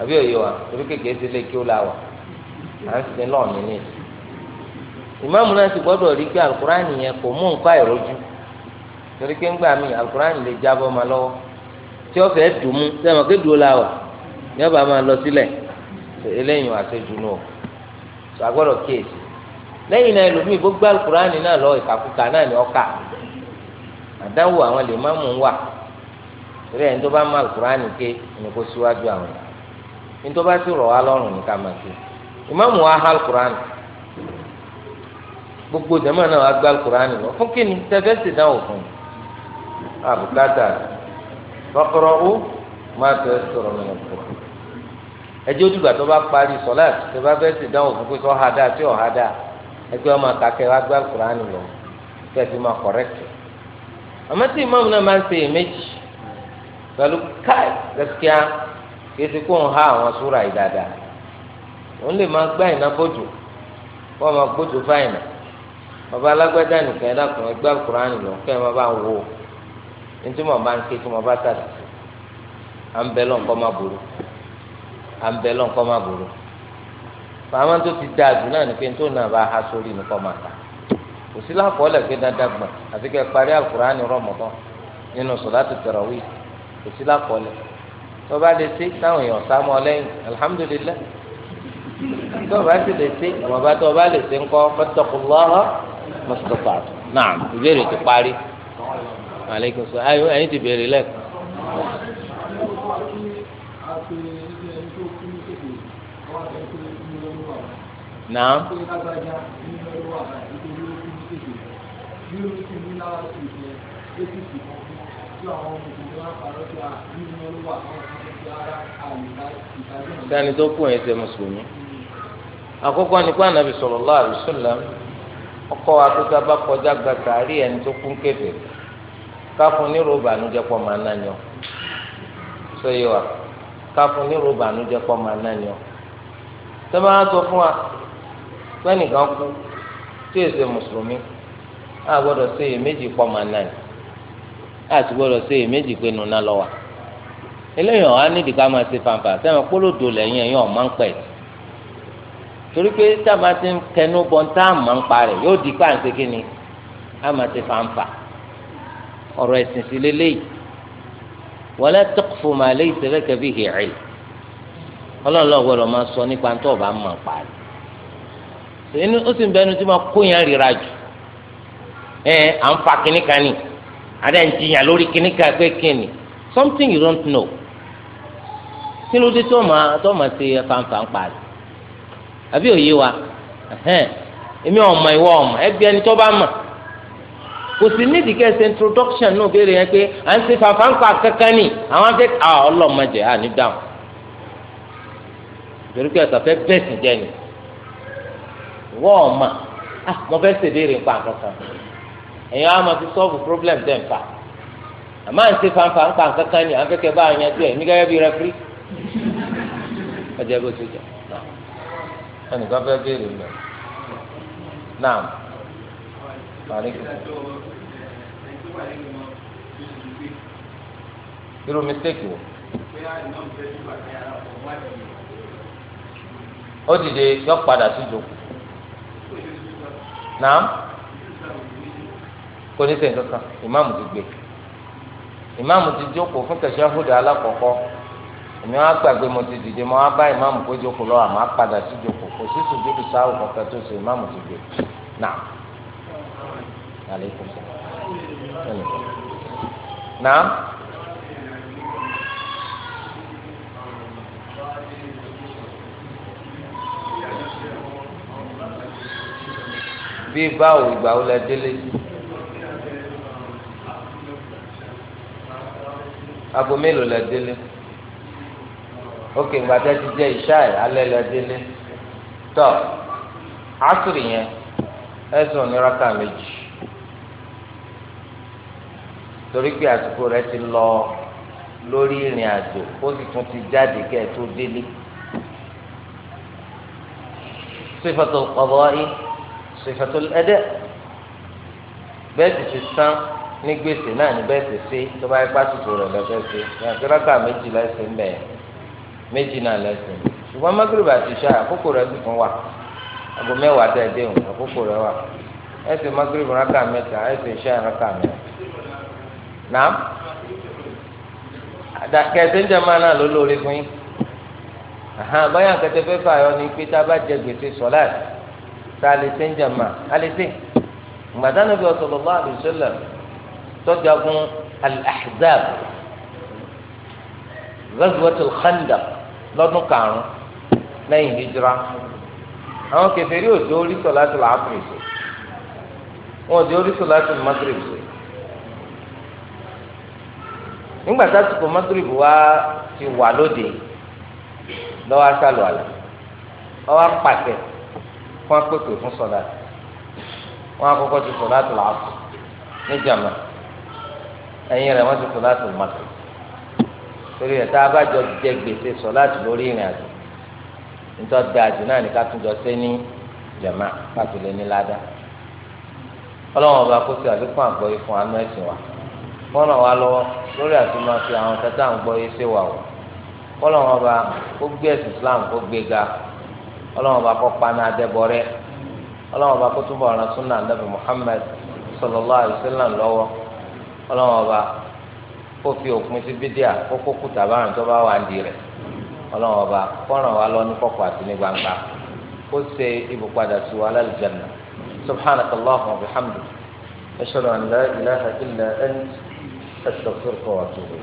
àbí òye wa torí kékeré ti lé kí ó la wà à ń sin ìmáàmù náà ti gbọ́dọ̀ rí pé alukurani yẹn kò mú nǹkan àìrójú torí pé ńgbà míì alukurani lè jábọ́ ma lọ́wọ́ tí ó fẹ́ dùn mú sẹ́mi ọ̀kẹ́ dùn la wà ní ọba máa lọ sílẹ̀ eléyìí wà sí dùn náà sọ agbọ́dọ̀ kíyèsí lẹ́yìn náà ẹlòmíì gbogbo alukurani náà lọ ìkàkùkà náà ọkà àdáwò àwọn lè má mú wà torí ẹni tó bá má ké ni kó síwájú àwọn ẹni tó bá sì rọ̀ wá lọ́rùn ní ká ké ìmáàmù gbogbo jama náà wà gbá alukur'ani lọ fún kíni tẹfẹsì náà ò fún abukata tọkọrọ ó máa tẹ sọ̀rọ̀ nínú kúrò ẹjẹ ojúgbà tó bá parí sọlá tó bá fẹ́ sì dáhùn fún pé sọ ha tí ò ha dáa ọmọ àkàkẹ́ wà gbá alukur'ani lọ kí ẹ ti máa tí ìmọ̀ọ́mù náà máa ń ṣe èméjì pẹ̀lú káì gẹ́gẹ́ kí ti kó ń ha àwọn súra yìí dáadáa òun lè máa gbá ìnábòjò kó máa gbójú fáìnà bàbá alágbádá nìkan ẹ̀dá kan ẹgbẹ́ alukurani lọ kẹ́ ẹ má bá ń wo ntí mo bá ń ké tí mo bá sàdìsí à ń bẹ lọ nǹkan má burú à ń bẹ lọ nǹkan má burú màmá tó ti dáa jù náà ni pé tó náà bá ha sórí nìkan má ta kò sí lákọọ́lẹ̀ pé dáadáa gbọ̀n àti kẹ́ ẹ parí alukurani rọmọdán nínú sọ̀láàtì tẹ̀rọ̀wì kò sí lákọọ́lẹ̀ tó bá lè ṣe táwọn èèyàn sá mọ́ lẹ́yìn alihamudulilayi tó bá sì lè ṣe àmọ́ bá tó bá lè ṣe ńkọ́ fẹ́tọ̀kùlọ́rọ́ mọ́sítọ́fà náà ìbéèrè ti parí maaleykum sọ ayọ ẹyin ti béèrè lẹ́kọ̀ọ́. náà. sani tó kú ẹ̀ ṣe mùsùlùmí àkọ́kọ́ nípa ànábì sallallahu alaihi wasallam ọkọ wa tó tá a bá kọjá gba sàárì ẹni tó kún kébè káfún ní ròbà ànújẹ pọ̀ máa ná yan sọ yìí wa káfún ní ròbà ànújẹ pọ̀ máa ná yan tẹ́lẹ̀ wá sọ fún wa pẹ́nìkan kú tí èsè mùsùlùmí á gbọ́dọ̀ ṣe èméjì pọ̀ máa ná yìí á sì gbọ́dọ̀ ṣe èméjì pé nùnà lọ́wọ́ eléyìí ọ̀hán nídìí ká máa ṣe fanfà sẹ́wọ̀n kpọ́lódò lẹ́yìn ẹ̀yìn ọ̀ máa ń pẹ̀ sí. torí pé táàmù àti tẹnu bọ̀ táàmù máa ń parẹ̀ yóò di pàǹsẹ̀ kí àmà ti fàǹfà ọ̀rọ̀ ẹ̀sìn sí lélẹ́yìí ma laysa laka bihi ilm ọlọ́ọ̀lọ́ gbọ́dọ̀ máa sọ nípa tó ọba máa parẹ̀ inú ó sì ń bẹnu tí máa kó yẹn ríra jù ẹ à ń fa kínní kan ni adé ń jiyàn lórí kínní kan pé something you don't know kí ló dé tó máa tó máa fanfa ń àbí òye wa èmi ọmọ ìwọ ọmọ ẹgbẹ́ ẹni tó bá mọ̀ kò sí ní ìdíkẹ́ ṣe introduction náà béèrè yẹn pé à ń ṣe fanfanfa kankan ni àwọn afẹ́ à ọlọ́mọdé à ní dáhùn torí pé ẹ̀sán fẹ́ bẹ́ẹ̀ sì jẹ́ ni ìwọ ọmọ à mo fẹ́ ṣe béèrè nǹkan kankan ẹ̀yin á máa fi solve problem dẹ̀ nfa àmọ́ à ń ṣe fanfanfa kankan ni àwọn afẹ́kẹ́ bá yẹn tó ẹ̀ ní gẹ́gẹ́ bí referee ọjọ́ bó ṣe ẹnìkan fẹ́ béèrè mọ́ náà parí irú mistake wo. ó dìde yọ padà sí náà kò ní sèǹkankan ìmáàmù ti gbé ìmáàmù ti jókòó fún kẹsíọ́fù èmi wá gbàgbé mo ti dìde mo wá bá ìmáàmù kó jókòó lọ àmọ́ padà sí jókòó kò sí sùdúrù sáwù kankan tó so ìmáàmù ti dè náà aleykum salaam náà. bí báwo ìgbà wo lẹ délé aago mélòó lẹ délé ókè ńgbà tẹ́ ti jẹ́ ìṣá ẹ̀ alẹ́ lọ délé tọ́ àtúrì yẹn ẹ̀sùn oníraka méjì torí pé àsìkò rẹ ti lọ lórí ìrìn àjò ó sì tún ti jáde kẹ́ ẹ tó délé sífàtò qada'i sífàtò ẹ̀dẹ́ bẹ́ẹ̀ sì ti sán ní gbèsè náà ní bẹ́ẹ̀ sì tó bá yẹ pásítọ̀ rẹ̀ lọ́fẹ́ ṣe ní àti rákà méjì lẹ́sẹ̀ ń bẹ̀ẹ́ méjì náà lẹ́sìn ṣùgbọ́n magreba àti ṣá àkókò rẹ̀ sì tún wà aago mẹ́wàá tẹ̀ dé òun àkókò rẹ̀ wà ẹsẹ̀ magreba rákà mẹ́ta ẹsẹ̀ ṣá rákà mẹ́ta nàá àdàkẹ́ ẹsẹ̀ ń jẹ́ máa náà ló lóore fún yín ahan báyà kẹtẹ fẹ́ fààyọ ni pé tá a bá jẹ gbèsè sọ̀lá tá lè ṣe ń jẹ máa a lè ṣe gbàdánù bí sallallahu alaihi wasallam tọ́jà fún al-Ahzab ghazwatul Khandaq lọ́dún karùn-ún lẹ́yìn hijira àwọn kèfèrí òjò orí sọ̀láàtì làákùrì sọ wọn òjò orí sọ̀láàtì mọ́tìrì sọ nígbà tásìkò mọ́tìrì wa ti wà lóde lọ́wọ́ aṣáálù àlà ọwọ́ pàṣẹ fún akpẹ́kọ̀ fún sọ̀láàtì wọn àkọ́kọ́ ti sọ̀láàtì làákùrì ní jàmá ẹ̀yìn rẹ̀ wọ́n ti sọ̀láàtì mọ́tìrì. torí ẹ̀ tá a bá jọ jẹ gbèsè sọ láti lórí ìrìn àjò nítorí àjò náà ní ká tún jọ sé ní lé ní ládàá ọlọ́wọ́n ọba kó sí àlékún àgbọ̀yé fún anú ẹ̀sìn wa wọ́n ràn lọ́wọ́ lórí àti máa fi àwọn tata gbọ́yé o ọlọ́wọ́n ọba Islam kó gbé ọba kó ọba kó túbọ̀ súnà lọ́wọ́ ọba kó fi òpin sí bídíà kó kó kùtà báwọn tó bá wà ń di rẹ̀ ọlọ́run ọba kọ́ràn wa lọ ní kọ̀kọ̀ àti ní gbangba kó ṣe ibùpadà sí wa lálẹ́ jẹ̀nà subhanaka allahumma wa bihamdika ashhadu an la ilaha illa ant astaghfiruka wa atubu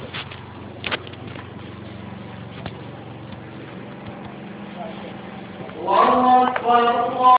ilayk.